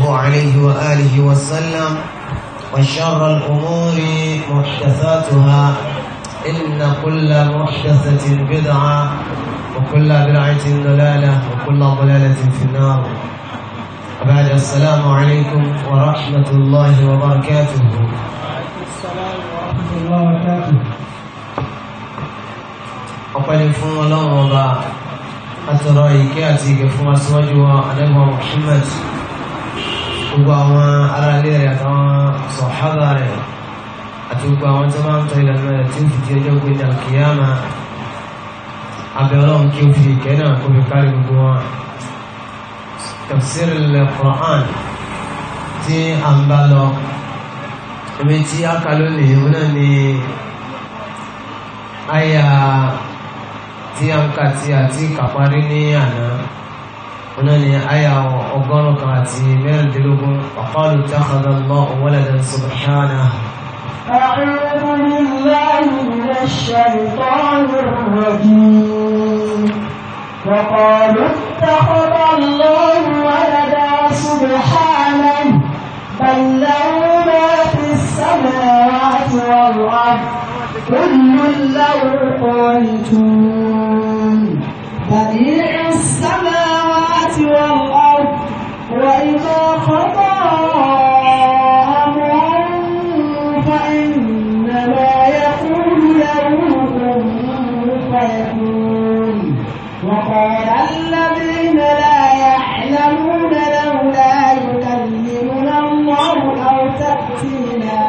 الله عليه وآله وسلم وشر الأمور محدثاتها إن كل محدثة بدعة وكل بدعة ضلالة وكل ضلالة في النار وبعد السلام عليكم ورحمة الله وبركاته السلام ورحمة الله وبركاته وقال فهم الله وبا أترى إكاتي كفوا سواجوا أنبوا محمد gbogbo àwọn ará ilé rẹ̀ àtàwọn sọ̀hábà rẹ̀ àti gbogbo àwọn tí wọ́n máa ń tọ́ ìlànà rẹ̀ tí ó fi di ọjọ́ gbé dàkíyàmà abẹ́ ọlọ́run kí ó fi ìkẹ́ náà kó fi kárí gbogbo wọn. tafsir al-Qur'an tí a ń bá lọ ẹ̀mí tí a kà lónìí wọn náà ni àyà tí a ń kà tí a ti kà parí ní àná. هنا آية وأقول قراتي مير وقالوا اتخذ الله ولدا سبحانه أعوذ بالله من الشيطان الرجيم وقالوا اتخذ الله ولدا سبحانه بل له ما في السماوات والأرض كل له قانتون بديع السماوات والأرض وإذا خطأ أمرا فإنما يقول له فيكون وقال الذين لا يعلمون لولا يكلمنا الله أو تأتينا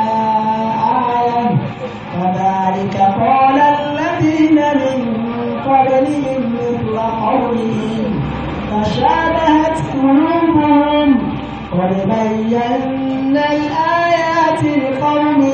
آية كذلك قال الذين من قبلهم مثل قولهم فشابهت قلوبهم ولبينا الآيات لقوم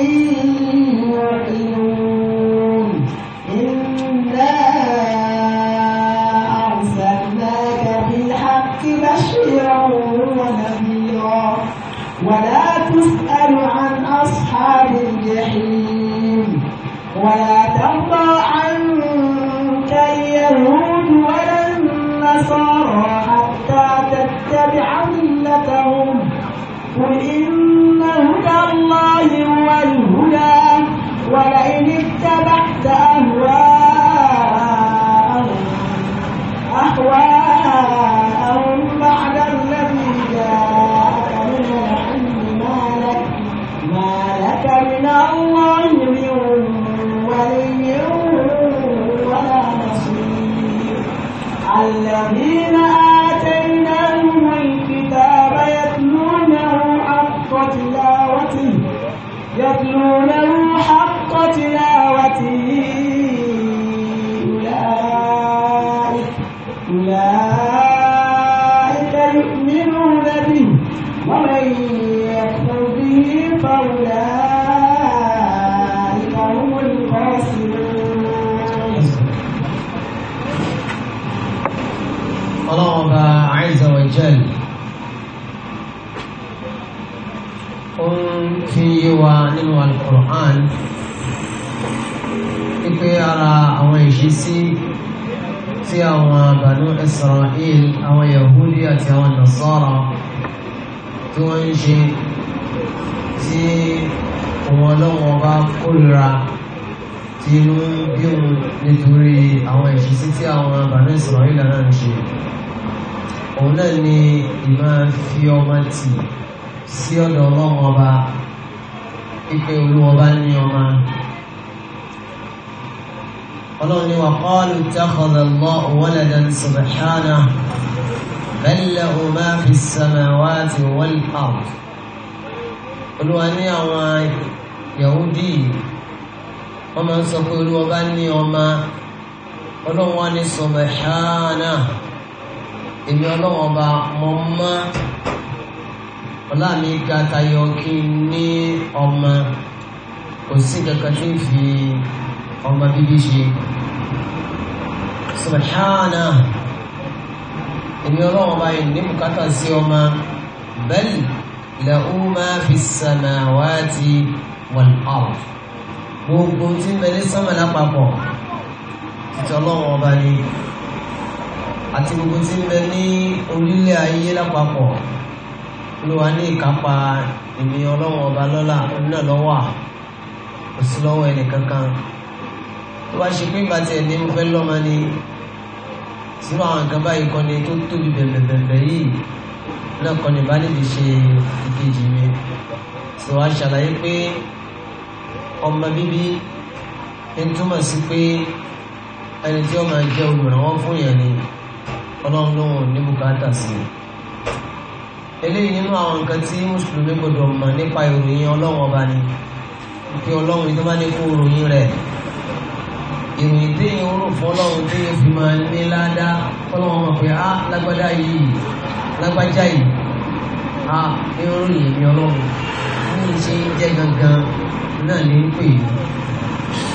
pé ara àwọn ìṣesí tí àwọn Banu Israel àwọn Yahudi àti àwọn Nasara tí wọ́n ń ṣe tí wọn lọ́wọ́ bá kórìíra tí inú ń bí òun nítorí àwọn ìṣesí tí àwọn Banu Israel náà ń ṣe òun náà ni ìmọ̀ fi ọmọ tì sí ọ̀dọ̀ ọlọ́wọ́ ọba pípé olúwọba ní ọmọ ọlọ́run ni wà kọ́ọ̀lù tẹ́kọ̀ọ́lù mọ́ òwòlẹ́dẹ́ sọ̀bẹ̀hánà bẹ́lẹ̀ ọmọ fi sàmẹ̀wá ti wọ́n pa olúwa ní àwọn yahudi wọ́n máa ń sọ pé olúwa bá ní ọmọ ọlọ́run wá ní èmi ọlọ́run ọba mọ́ mọ́ ọlá mi kí n ní ọmọ kò sí kankan tí fi ọmọ bíbí ṣe subhana èmi ọlọ́run ọba yìí ní bùkátà sí ọmọ bẹ́ẹ̀lì lahu ma fi samawati wal ard gbogbo tí ń bẹ ní sánmà lápapọ̀ títí ọlọ́run ọba ni àti gbogbo tí ń bẹ ní orílẹ̀ ayé lápapọ̀ ní ìkápá èmi ọlọ́run ọba lọ́la onílẹ̀ lọ́wọ́ àkọsílọ́wọ́ ẹnì kankan tó bá ṣe pé ìgbà tí ẹ̀ ní mo fẹ́ lọ́mọ ni sínú àwọn nǹkan báyìí kan ni tó tóbi bẹ̀bẹ̀bẹ̀bẹ̀ yìí náà kan ní ìbálẹ̀ lè ṣe ìkejì mi sì wá ṣàlàyé pé ọmọ bíbí ń túmọ̀ sí pé ẹni tí ó máa jẹ́ olùrànwọ́ fún yẹn ni ọlọ́run ló ń ní bùkátà sí i eléyìí nínú àwọn nǹkan tí mùsùlùmí gbọdọ̀ mọ̀ nípa ìròyìn ọlọ́run ọba ni pé ọlọ́run tó ní kó ròyìn rẹ̀ ìròyìn téèyàn ń rò fún ọlọ́run téèyàn fi máa ní ládàá ọlọ́run mọ̀ pé á ah, lágbádá yìí lágbájá yìí á ah, irun èmi ọlọ́run ní ṣe ń jẹ́ gangan náà ní pè é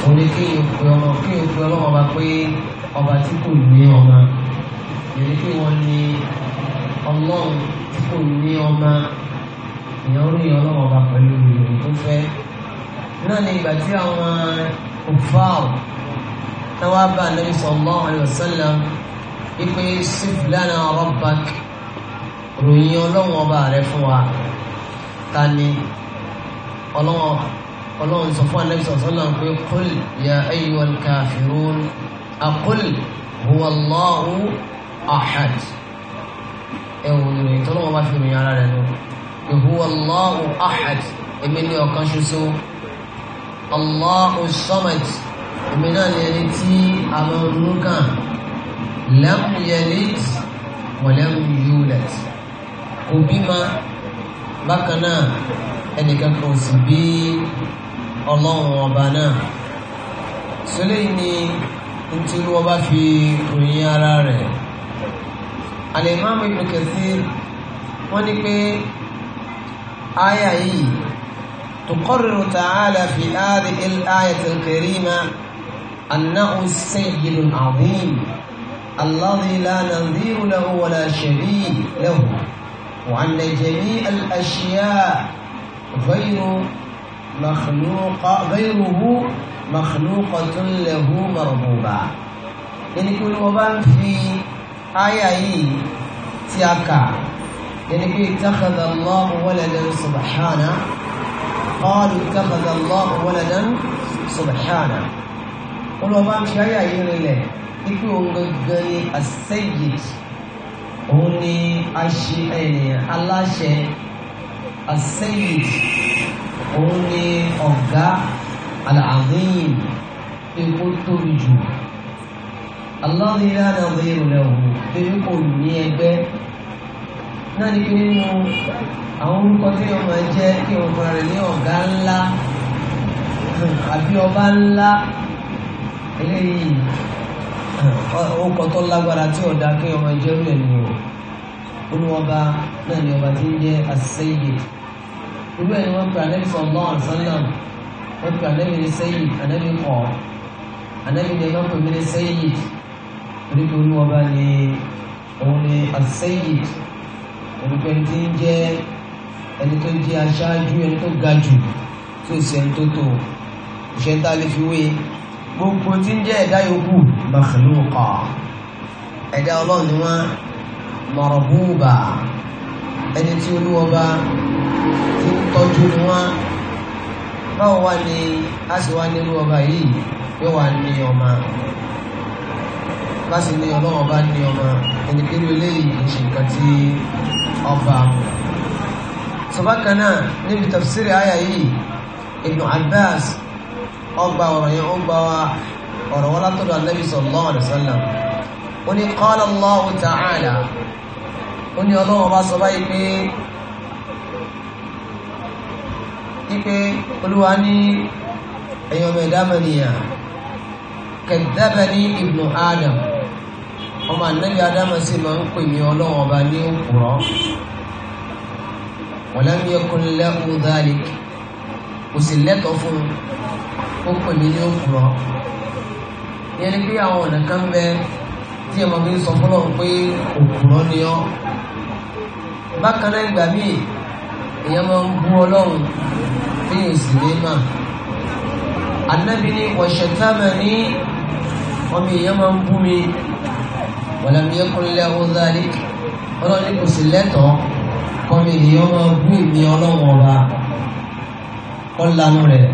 òní kéèyàn pe ọmọ kéèyàn pe ọlọ́run ọba pé ọba tí kò ní ọmọ ìrìn pé wọ́n ní ọlọ́run tí kò ní ọmọ ìyẹn orí ọlọ́run ọba pẹ̀lú ìròyìn tó fẹ́ náà ní ìgbà tí àwọn òfáà tawaba nabi sallallahu alayhi wa sallam ipe sifilana rabbak ròyìn ọlọ́wọ́n ọba rẹ fún wa ta ni ọlọ́wọ́n sọ fún anabi sallallahu pé kul ya ayyuhal kafirun akul huwa allahu ahad ẹ wò ní ròyìn tọ́lọ́wọ́n bá fi ròyìn ara rẹ nù huwa allahu ahad èmi ni ọ̀kan ṣoṣo allahu samad èmi náà ni ẹni tí a mọ ronú kàn lam yalid wa lam yulad kò bímọ bákan náà ẹnìkan kan sì bí ọlọ́run ọba náà sọlẹ́ ni ntí wọ́n bá fi ròyìn ara rẹ̀ alimami Ibn Kathir wọ́n ní pé aya yìí ta'ala fi hadhihi al-ayati أنه السيد العظيم الذي لا نظير له ولا شريك له وأن جميع الأشياء غير مخلوق غيره مخلوقة له مربوبة يعني كل وبان في آية تيكا يعني اتخذ الله ولدا سبحانه قالوا اتخذ الله ولدا سبحانه olùwàbá ń fi ayé àyè rinlẹ̀ ikú òun gangan ni àṣẹyìí òun ni aṣe ẹnìyàn aláṣẹ àṣẹyìí òun ni ọ̀gá àlàáfíìn ikú tóbi jù aláàbíyá náà bẹ ìrọ̀lẹ́ òun bẹ́ẹ̀ kò ní ẹgbẹ́ náà ní pé nínú àwọn orúkọ tí wọn máa jẹ́ kí o máa rìn ní ọ̀gá ńlá àbí ọba ńlá eléyìí ó kọ tó lágbára tí ọ̀dà kí ọmọ ìjẹ́rú ẹ̀ ni o olùwọ́ba náà ni ọba tí ń jẹ́ àṣeyè irú ẹ̀ ni wọ́n pe ànẹ́bí sallallahu alaihi wasallam wọ́n pe ànẹ́bí ní sẹ́yìn ànẹ́bí kọ̀ ànẹ́bí ni wọ́n pe mí ní sẹ́yìn torí pé olùwọ́ba ni òun ni àṣeyè olùpẹ̀ tí ń jẹ́ ẹni tó jẹ́ aṣáájú ẹni tó ga jù tó sì ẹni tó tó ìṣẹ́ntà gbogbo tí ń jẹ́ ẹ̀dá yòókù makhluqa ẹ̀dá ọlọ́run ni wọ́n marbuba ẹni tí olúwọba tí ń tọ́jú ni wọ́n báwo wá ní a sì wá nílùú ọba yìí yóò wá ní ọmọ bá sì ní ọlọ́run bá ní ọmọ ẹni kí ló ń ṣe nǹkan tí ọba sọ bákan náà níbi tafsiri àyà yìí Ibn Abbas ọgbà ọ̀rọ̀ yẹn ó gbà wá ọ̀rọ̀ wọn látọ̀dọ̀ anábì sallallahu alaihi wasallam ó ní qala Allahu ta'ala ó ní ọlọ́wọ́ bá sọ báyìí pé pípé olúwa ní ẹ̀yọ́ mẹ́dámẹ́nìyà kẹ̀dẹ́bẹ̀ní ibnu adam ọmọ anábì adama sì máa ń pè mí ọlọ́wọ́ bá ní òpùrọ́ walam yakun lahu dhalik kò sì lẹ́tọ̀ọ́ fún un o pè mí ní òpùrọ́ ìyẹn ni pé àwọn ọ̀nà kan bẹ tí ẹ mọ̀ fi ń sọ fún Ọlọ́run pé òpùrọ́ ni ọ́ bákan náà ìgbà míì èèyàn máa ń bú Ọlọ́run bí èsì ní mà anábì ní wọ̀ṣẹ̀tàmà ní ọmọ èèyàn máa ń bú mi wọ̀làmìyàn kúnlẹ̀ ọ̀dàlẹ̀ Ọlọ́run kò sí lẹ́tọ̀ọ́ kọ́mi èèyàn máa bú ìmí Ọlọ́run ọba ọ̀lànà rẹ̀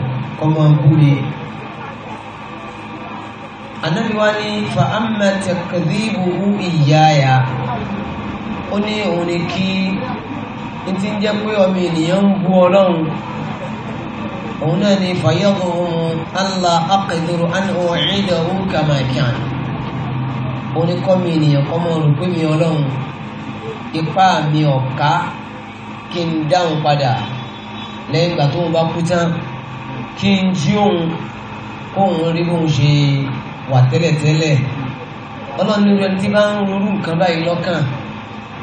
ọmọ búre anábì wá ní fa amma takdhibuhu iyaya ó ní òun ni kí n ti ń jẹ́ pé ọmọ ènìyàn ń bú ọlọ́run òun náà ni fàyọ̀kọ̀ ohun allah akẹ́dùrú anu ìdọ̀ ohun kàmákàn ó ní kọ́ mi ènìyàn kọ́ mọ́ rò pé mi ọlọ́run ipá mi ọ̀ká kí n dáhùn padà lẹ́yìn ìgbà tó ń bá kú tán kí n jí òun kóun rí bóun ṣe wà tẹ́lẹ̀tẹ́lẹ̀ ọlọ́run ní rẹ tí bá ń ronú nǹkan báyìí lọ́kàn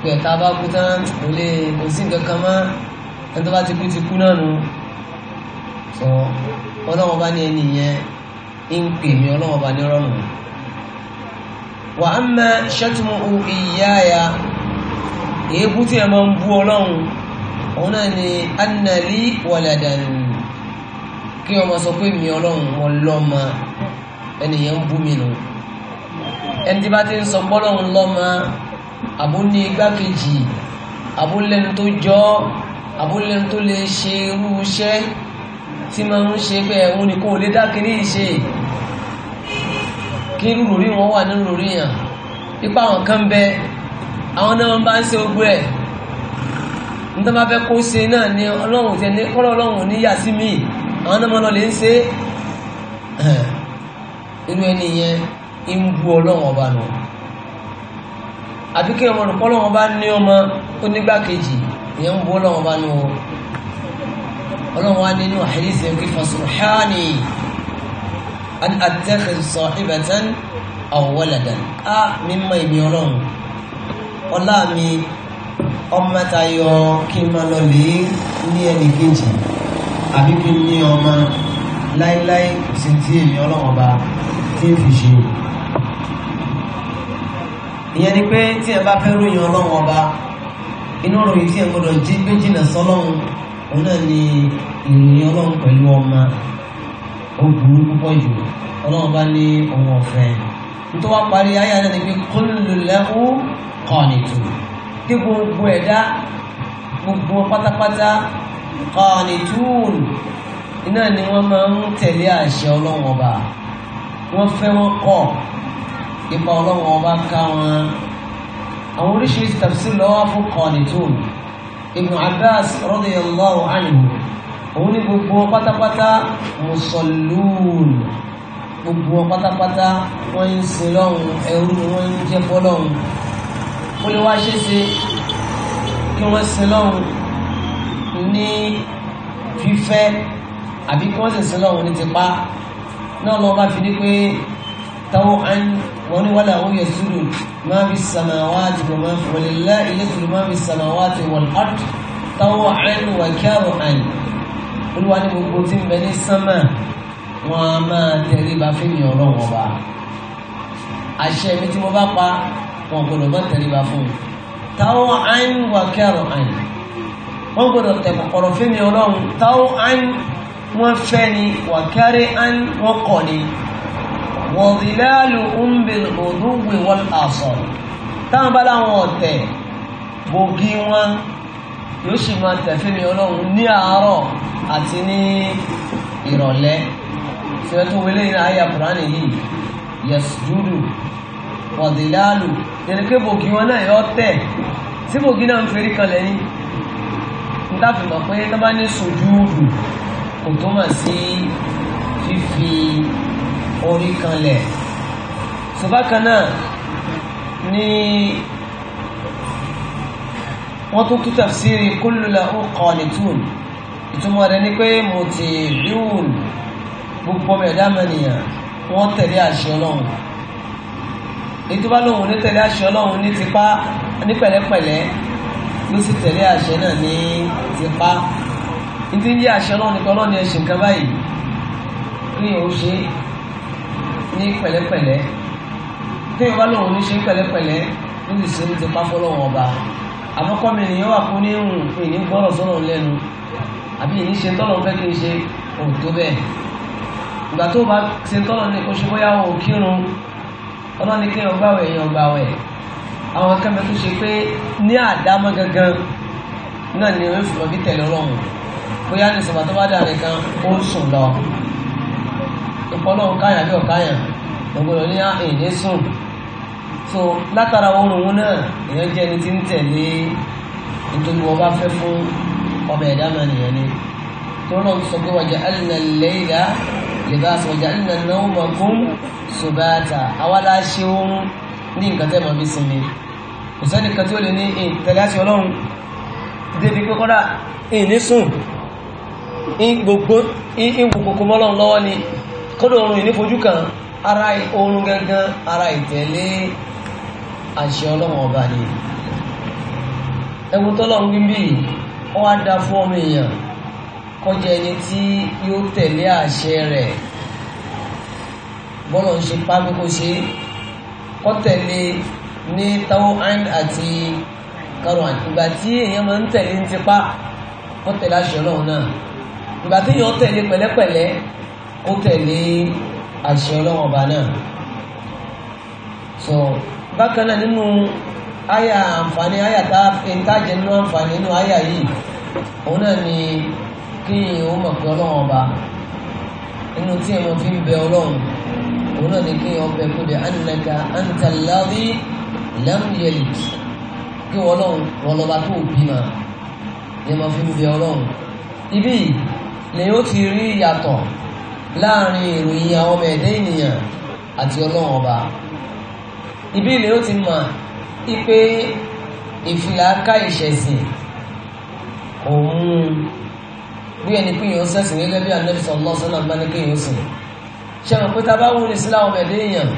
pé ẹ̀ka bá kú tán kò lè kò sí nǹkan kan mọ́ ẹni tó bá ti kú ti kú náà nù sọ ọlọ́run bá ní ẹni yẹn ń pè mí ọlọ́run bá ní rọrùn wà á mẹ ṣẹ́tùmù ìyá ya èébú tí ẹ máa ń bú ọlọ́run òun náà ni annali wàlàdànù kí wọ́n máa sọ pé mi ọlọ́run mo lọ́mọ ẹnìyẹn ń bú mi nù ẹni tí bá ti ń sọ pọ́lọ́run lọ́mọ àbó ní igbákejì àbó lẹ́nu tó jọ àbó lẹ́nu tó lè ṣe irú iṣẹ́ tí máa ń ṣe pé ẹ̀hún ni kò lè dá kiri kí lórí wọn wà nínú lórí yàn ipa àwọn kan bẹ àwọn náà bá ń ṣe ogun ẹ̀ nítorí wọn bá fẹ́ kó ṣe náà ni ọlọ́run ò tẹ̀ ní kọ́lọ́ ọlọ́run ò ní yà sí míì àwọn náà mọ́nà lè ń ṣe inú ẹni yẹn ń bú ọlọ́wọ́n ọba nù àbí kí ọmọ olùkọ́ ọlọ́wọ́n ọba ní ọmọ tó nígbàkejì ìyẹn ń bú ọlọ́wọ́n ọba nù ọlọ́wọ́n wa nínú àhẹ́lẹ́sẹ̀ kí fasubuhani an attakhidh sahibatan aw waladan á mímọ́ ìmí ọlọ́run ọlá mi ọmọ tayọ kí n máa lọ lè ní ẹnì kejì àbí kí n ní ọmọ láíláí kò sí tí èmi ọlọ́run ọba tí ń fi ṣe ìyẹn ni pé tí ẹ bá fẹ́ ròyìn ọlọ́run ọba inú ròyìn tí ẹ gbọdọ̀ jí gbé jìnà sọlọ́run òun náà ni ìròyìn ọlọ́run pẹ̀lú ọmọ ó burú púpọ̀ jù ọlọ́run bá ní ohun ọ̀fẹ́ nítorí wá parí ayé àná ni pé kólùlẹ́kù kọ́ọ̀nì tù kí gbogbo ẹ̀dá gbogbo pátápátá qanitun iná ni wọ́n máa ń tẹ̀lé àṣẹ ọlọ́wọ́n ọba wọ́n fẹ́ wọ́n kọ̀ ipa ọlọ́wọ́n ọba ká wọn àwọn oríṣiríṣi tafsir lọ́wọ́ fún qanitun Ibn Abbas radiyallahu anhu òun ní gbogbo wọn pátápátá mùsọ̀lùún gbogbo wọn pátápátá wọ́n ń sin lọ́hùn ẹrú ni ń jẹ́ fọ́lọ́hùn ó lè wá ṣe é ṣe kí wọ́n sin lọ́hùn ní fífẹ́ àbí kí wọ́n sì sin lọ́wọ́ ní tipa náà lọ́wọ́ bá fi ní pé táwọn án wọn ní wàlẹ̀ àwọn yẹn sùúrù máa fi sàmàwá àti kò máa fi wọlé lẹ́ ilé sùúrù máa fi sàmàwá àti wọlé art táwọn án wà kẹ́rù án olúwa ní gbogbo tí ń bẹ ní sánmà wọn a máa tẹ̀lé bá fi mi ọ̀rọ̀ wọn bá àṣẹ mi tí mo bá pa wọn gbọdọ̀ bá tẹ̀lé bá fún mi táwọn án wà kẹ́rù án wọ́n gbọ́dọ̀ tẹ̀kọ̀kọ̀rọ̀ fún mi ọlọ́run táwọn án wọ́n fẹ́ ni wàkárí án wọ́n kọ̀ ni wọ̀dìláàlù ń bè òdúgbè wọ́n àṣọ táwọn bá láwọn ọ̀tẹ̀ bògì wọn yóò sì máa tẹ̀fẹ́ mi ọlọ́run ní àárọ̀ àti ní ìrọ̀lẹ́ sẹ́tún wọlé ní àyà kùránì yìí yẹ̀sùdúdù wọ̀dìláàlù tẹ̀lé bògì wọn náà yọ tẹ̀ tí bògì náà ń ferí kalẹ̀ yìí níta fi mọ̀ pé tó bá ní sùjúdù kò túmọ̀ sí fífi orí kanlẹ̀ ṣùgbọ́n náà ní wọ́n tún tún tafsiri kullu lahu qanitun ìtumọ̀ rẹ̀ ni pé mo ti ríhùn gbogbo ọmọ ẹ̀dá mẹ́nìyàn wọ́n tẹ̀lé àṣẹ ọlọ́run ètò bá lóhun ní tẹ̀lé àṣẹ ọlọ́run ní tipa ní pẹ̀lẹ́pẹ̀lẹ́ ló sì tẹ̀lé àṣẹ náà ní tipa nítorí ní àṣẹ náà nìkan náà ní ẹ̀sìn kan báyìí kí o ṣe ní pẹ̀lẹ́pẹ̀lẹ́ kí o bá lòun ní ṣe pẹ̀lẹ́pẹ̀lẹ́ ló sì ṣe ní tipa fọlọ́wọ́n ọba àkọ́kọ́ mi nìyẹn wà kú ní ìhùn ìní gbọ́rọ̀ sọ́rọ̀ lẹ́nu àbí ìní ṣe tọ́lọ̀ fẹ́ kí n ṣe òótọ́ bẹ́ẹ̀ ìgbà tó bá ṣe tọ́lọ̀ ní oṣù bóyá òkírun ọlọ́ni kí ọgbà wẹ̀ yẹn ọgbà wẹ̀ àwọn akẹ́mẹ́ tó ṣe pé ní àdámọ́ gangan náà ni wọ́n fi lọ bí tẹ̀lé ọlọ́run bóyá ní ìsìnkú tó bá dà nìkan ó ń sùn lọ ìpọ́nlọ́run káyàn bí ọ̀káyàn lọ́gbọ́dọ̀ ní ah, èdè sùn so látara oorun wọn náà èèyàn jẹ́ ẹni tí ń tẹ̀lé nítorí wọn bá fẹ́ fún ọmọ ẹ̀dá nìyẹn ni tó lọ́n sọ pé wàjà alìnà lẹ́yìnlá lẹ́gbàsọ wàjà alìnà náà mọ̀kún subata àwa la oorun ní nǹkan tẹ́ mọ̀ bí sinmi kò sẹ́ni kan tí ó lè ní ìtẹ̀lé àti ọlọ́run débi pé kọ́dà ìní sùn gbogbo ìwò kòkó mọ́lọ́run lọ́wọ́ ni kọ́dọ̀ oorun ìní fojú kan ara oorun gangan ara ìtẹ̀lé àṣẹ ọlọ́run ọba ni ẹwù tọ́lọ́run bíbí ọ wá da fún ọmọ èèyàn kọjá ẹni tí yóò tẹ̀lé àṣẹ rẹ̀ bọ́lọ̀ ń ṣe pápákó ṣe kọ́ tẹ̀lé ní tawon àti karùn àti ìgbà tí èèyàn máa ń tẹ̀lé ń tipa ó tẹ̀lé àṣẹ ọlọ́run náà ìgbà tí èèyàn tẹ̀lé pẹ̀lẹ́pẹ̀lẹ́ ó tẹ̀lé àṣẹ ọlọ́run ọba náà so bákan náà nínú àyà àǹfààní àyà tá a fi ń tàjẹ́ nínú àǹfààní nínú àyà yìí òun náà ni kí èèyàn ó mọ̀ pé ọlọ́run ọba nínú tí èèyàn fi ń bẹ ọlọ́run òun náà ni kí èèyàn bẹ kó de annaka antallahi lẹ́mìlẹ́lì kí wọ́n lọ́wọ́ wọn lọ́ba tó bí ma ní ma fi ń bẹ ọlọ́run ibi ni ó ti rí ìyàtọ̀ láàrin ìròyìn àwọn ọmọ ẹ̀dẹ́ ènìyàn àti ọlọ́run ọba ibi ni ó ti mọ̀ ipe ìfìlà ká ìṣẹ̀sìn òun bí ẹni pé èèyàn sẹ́sìn gẹ́gẹ́ bí Ànábì sallallahu alaihi wasallam ní kéèyàn sìn ṣe mọ̀ pé tá a bá wúni sí láwọn ọmọ ẹ̀dẹ́ èèyàn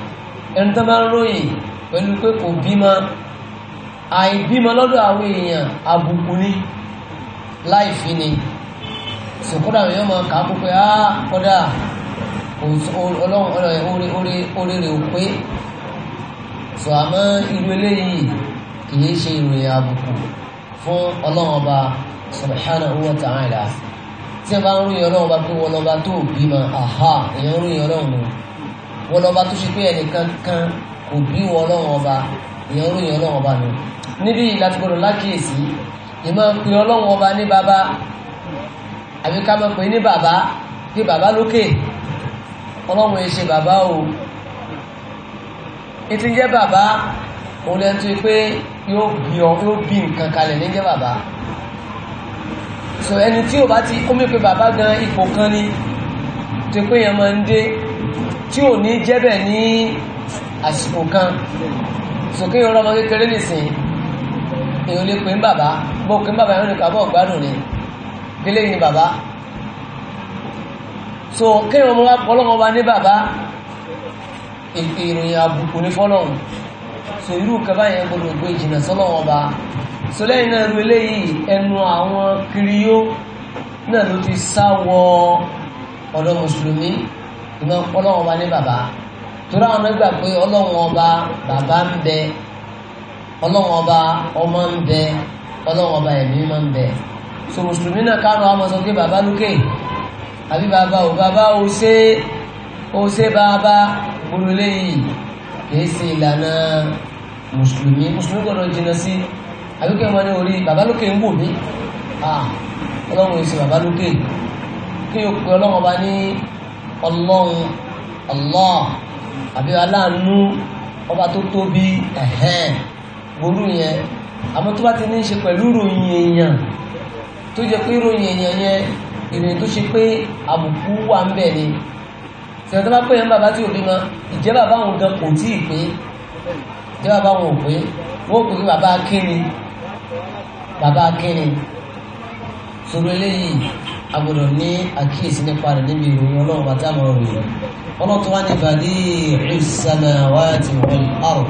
ẹni tó bá ń ròyìn pẹ̀lú pé kò bímọ àìbímọ lọ́dọ̀ àwọn èèyàn àbùkù ni láìfi ni sòkòdà yóò máa kà á kó pé áá ah, kọ́dà ọlọ́run ọ̀rẹ́ orí rẹ̀ ò pé sọ àmọ́ irú eléyìí kìí ṣe ìròyìn àbùkù fún ọlọ́run ọba subhanahu wa ta'ala tí a bá ń ròyìn ọlọ́run ọba pé wọn lọ́ba tó bímọ àhá èèyàn ń ròyìn ọlọ́run wọn lọ́ba tó ṣe pé ẹnìkan kan kò bí wọn ọlọ́run ọba èèyàn ròyìn ọlọ́run ọba nù níbi láti gbọdọ̀ lákìyèsí ìmọ̀ pé ọlọ́run ọba ní bàbá àbí ká mọ̀ pé ní bàbá pé bàbá lókè ọlọ́run ẹ̀ ṣe bàbá o ìtì jẹ́ bàbá òun lẹ́nu tó pé yóò bí ọ yóò bí nǹkan kalẹ̀ ní jẹ́ bàbá so ẹni tí ò bá ti kó mi pé bàbá gan ipò kan ni tó pé yẹn máa ń dé tí ò ní jẹ́ ní àsìkò kan sòkè yọrọ ọmọ kékeré nìsín èyàn lè pè ń bàbá bó pè ń bàbá yẹn nìkan bọ́ gbádùn ni délé yìí ni bàbá so kéèyàn ọmọ wa pọlọ́mọ wa ní bàbá ìròyìn àbùkù ní fọ́lọ́hùn so irú kaba yẹn gbọdọ̀ gbé ìjìnà sọ́lọ́wọ́ ọba so lẹ́yìn náà ru eléyìí ẹnu àwọn kiriyó náà ló ti sá wọ ọ̀dọ̀ mùsùlùmí ìmọ̀ pọlọ́mọ wa ní bàbá torí àwọn nígbà pé ọlọ́run ọba bàbá ń bẹ ọlọ́run ọba ọmọ ń bẹ ọlọ́run ọba ẹ̀mí máa ń bẹ so mùsùlùmí náà kánú àwọn sọ pé bàbá lókè àbí bàbá ò bàbá ò ṣe ò ṣe bàbá gbòòrò lẹ́yìn kìí ṣe ìlànà mùsùlùmí mùsùlùmí gbọ́dọ̀ jìnnà sí àbí kí ọmọ ní orí bàbá lókè ń wò mí ọlọ́run ìṣe bàbá lókè kí o pe ọba ní ọlọ́run ọlọ́run. àbí aláàánú ọba tó tóbi ẹ̀hẹ́n gbòòrò yẹn àmọ́ tó bá ti ní í ṣe pẹ̀lú ìròyìn èèyàn tó jẹ pé ìròyìn èèyàn yẹn ìròyìn tó ṣe pé àbùkù wà ń bẹ̀ ni sọ̀rọ̀ tó bá pè ń bàbá tí òbí mọ ìjẹ́ bàbá òun gan kò tí ì pé ìjẹ́ bàbá òun ò pé wọ́n bàbá bàbá eléyìí ní àkíyèsí nípa rẹ̀ níbi ọlọ́tún wá ní bàdí ìrìsàmà wá ti wọ́n ọ̀rọ̀.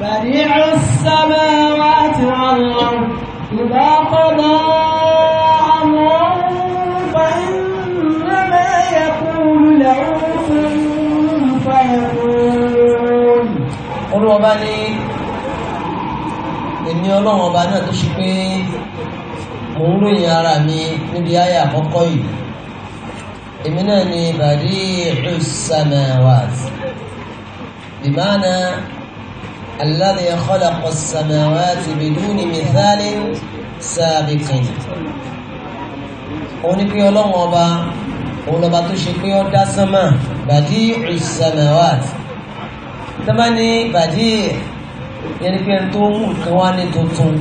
bàdí ìrìsàmà wá ti wọ́n ọ̀rọ̀ ìbá kọ́dọ̀ àmọ́ fa iná mẹ́yẹ kúrú lẹ́wọ́n fún fàyẹ̀kún. olùwọ́ba ní èmi ọlọ́wọ́ba náà tó ṣe pé òun lóyìn ara mi níbi ayé àkọ́kọ́ yìí èmi náà ni badi'u samawati bimana alladhi khalaqa as-samawati biduni mithalin sabiqin òun ni pé ọlọ́run ọba òun lọba tó ṣe pé ó dá sánmà badi'u samawati tọ́bá ní bàdí yẹni pé ẹni tó mú nǹkan wá ní tuntun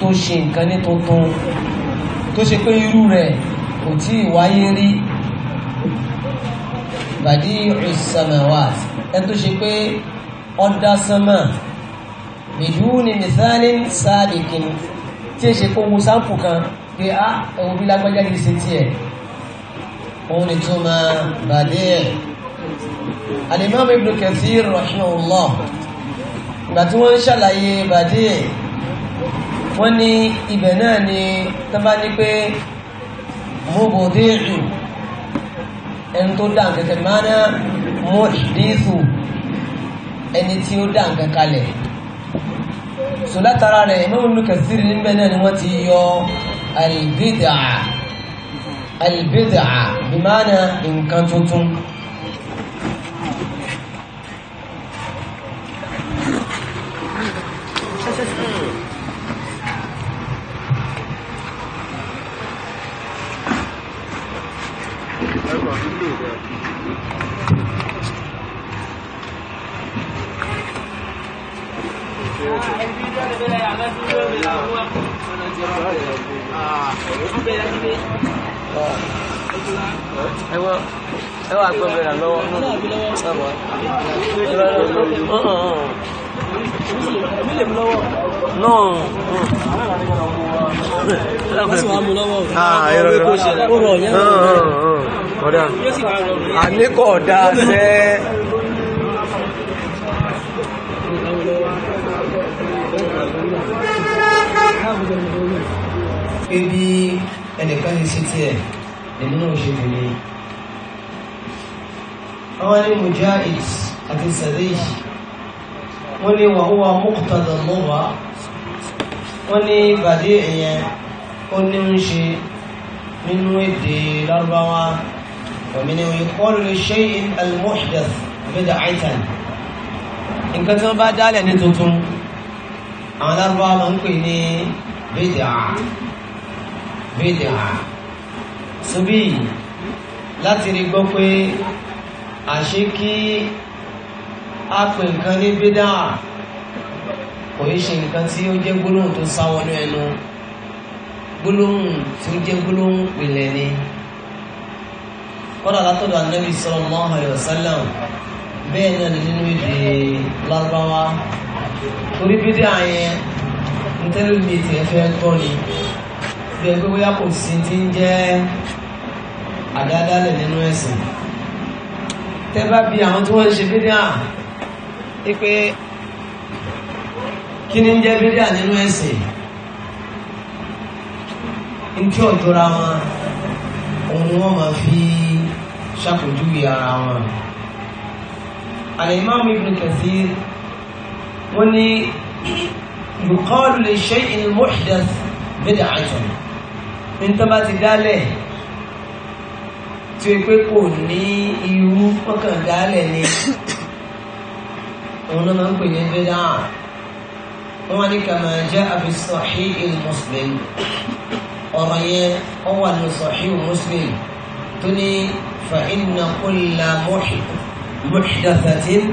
tó ṣe nǹkan ní tuntun tó ṣe pé irú rẹ̀ kò tí ì wáyé rí badi'u samawat ẹni tó ṣe pé ọ̀dá sánmà biduni mithalin sabiqin tí ó ṣe kó wo sáǹpù kan pé á ah, ẹ̀wọ̀n bí lágbájá kìí ṣe tiẹ̀ òun ni tó máa badi'u al-imam ibn kathir rahimahullah ìgbà tí wọ́n ń ṣàlàyé badi'u wọ́n ní ibẹ̀ náà ni tó ní pé mubdi'u ẹni tó dá nǹkan kan máa ná mọ́ṣídìísù ẹni tí ó dá nǹkan kalẹ̀ so látara rẹ̀ Imam Ibn Kathir níbẹ̀ náà ni wọ́n ti yọ al-bid'ah al-bid'ah bí máa ná nǹkan tuntun. ẹ wà gbọ́ mẹ́ra lọ́wọ́ kọ̀dá ah, àníkọ̀ọ̀dá sẹ́ ebi ẹnìkan lè ṣe tiẹ̀ èmi náà ṣe tèmi àwọn ní mujahid àti sadej wọ́n ní wàhúwa mọ́kùtàdà lọ́wọ́ wọ́n ní bàdé ẹ̀yẹn ó ní ń ṣe nínú èdè lárúbáwá òmìnir ìkọlù ṣe in al-muhdath bida aitan nǹkan tí wọ́n bá dálẹ̀ ní tuntun àwọn lárúbáwá máa ń pè ní bida bida sobi láti rí gbọ́ pé àṣé kí a pè nǹkan ní bídà kò yí ṣe nǹkan tí ó jẹ́ gbólóhùn tó sá wọnú ẹnu gbólóhùn tó jẹ́ gbólóhùn pìlẹ̀ ni kọ́dà látọ̀dọ̀ anábì sallallahu alaihi wasallam bẹ́ẹ̀ náà ni nínú èdè lárúbáwá torí bídà yẹn ń tẹ́lẹ̀ efe ti ni bóyá kò sí ti ń tẹ́ bá bi àwọn tí wọ́n ń ṣe bídíà pé kí ni ń jẹ́ bídíà nínú ẹ̀sìn ntí ọ̀jọ́ra wọn òun ni wọ́n máa fi ṣàpèjúwe ara wọn. Al-Imam Ibn Kathir wọ́n ní yuqalu li shay'in muhdath bid'atun ní tó bá ti dálẹ̀ tí o pé kò ní irú pọ́kàndálẹ̀ ni òun náà máa ń pè ní bídà wọ́n wá ní kàmá jẹ́ àfi Sahih Muslim ọ̀rọ̀ yẹn ó wà ní Sahih Muslim tó ní fa inna kulla muhdathatin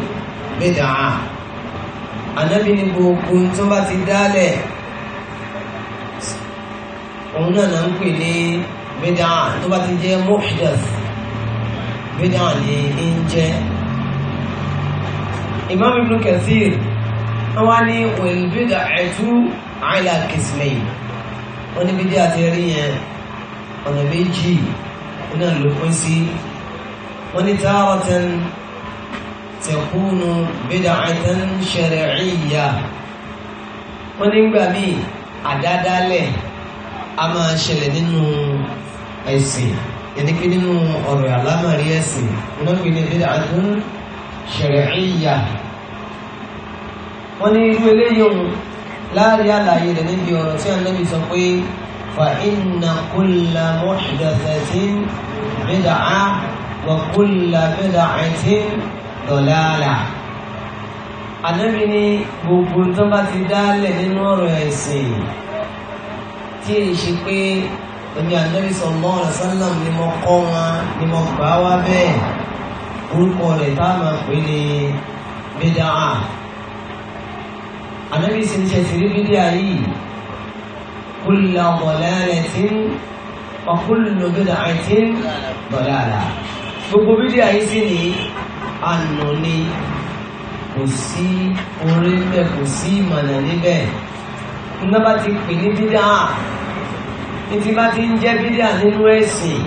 ànábì ní gbogbo tó bá ti dálẹ̀ òun náà máa ń pè ní bídà tó bá ti jẹ́ muhdas bídà ni ń jẹ́ Imam Ibn Kathir wọ́n ní wẹ̀lbídà ẹ̀tú àìlà kìsìmẹ̀ wọ́n ní bídà ti rí yẹn ọ̀nà méjì náà ló pín sí wọ́n ní tààràtàn tẹ̀kúnù bídà àìtàn ṣẹ̀rẹ̀ẹ́yà wọ́n ní gbàmí àdádálẹ̀ a máa ṣẹlẹ̀ nínú ẹ̀sìn yẹnìkí nínú ọ̀rọ̀ àlámọ̀rí ẹ̀sìn iná fi ní ilé àdún ṣẹ̀rẹ̀ẹ́yà wọ́n ní irú eléyìí ohun láàrin àlàyé rẹ̀ níbi ọ̀rọ̀ tí Ànábì sọ pé fa inna kulla muhdathatin bid'a wa kulla bid'atin dalalah Ànábì ní gbogbo tó bá ti dálẹ̀ nínú ọ̀rọ̀ ẹ̀sìn tí èyí ṣe pé èmi ànábì sallallahu alaihi wasallam ni mo kọ́ wọn ni mo gbà wá bẹ́ẹ̀ orúkọ rẹ̀ tá a máa pè ní bídà á ànábì sì ń ṣẹ̀sì rí bídà yìí kullu dalalatin wa kullu bid'atin dalalah gbogbo bídà yìí sì ní àná ni kò sí orí níbẹ̀ kò sí ìmọ̀nà níbẹ̀ nígbà tí pè ní bídà ntí bá ti ń jẹ́ bídíà nínú ẹ̀sìn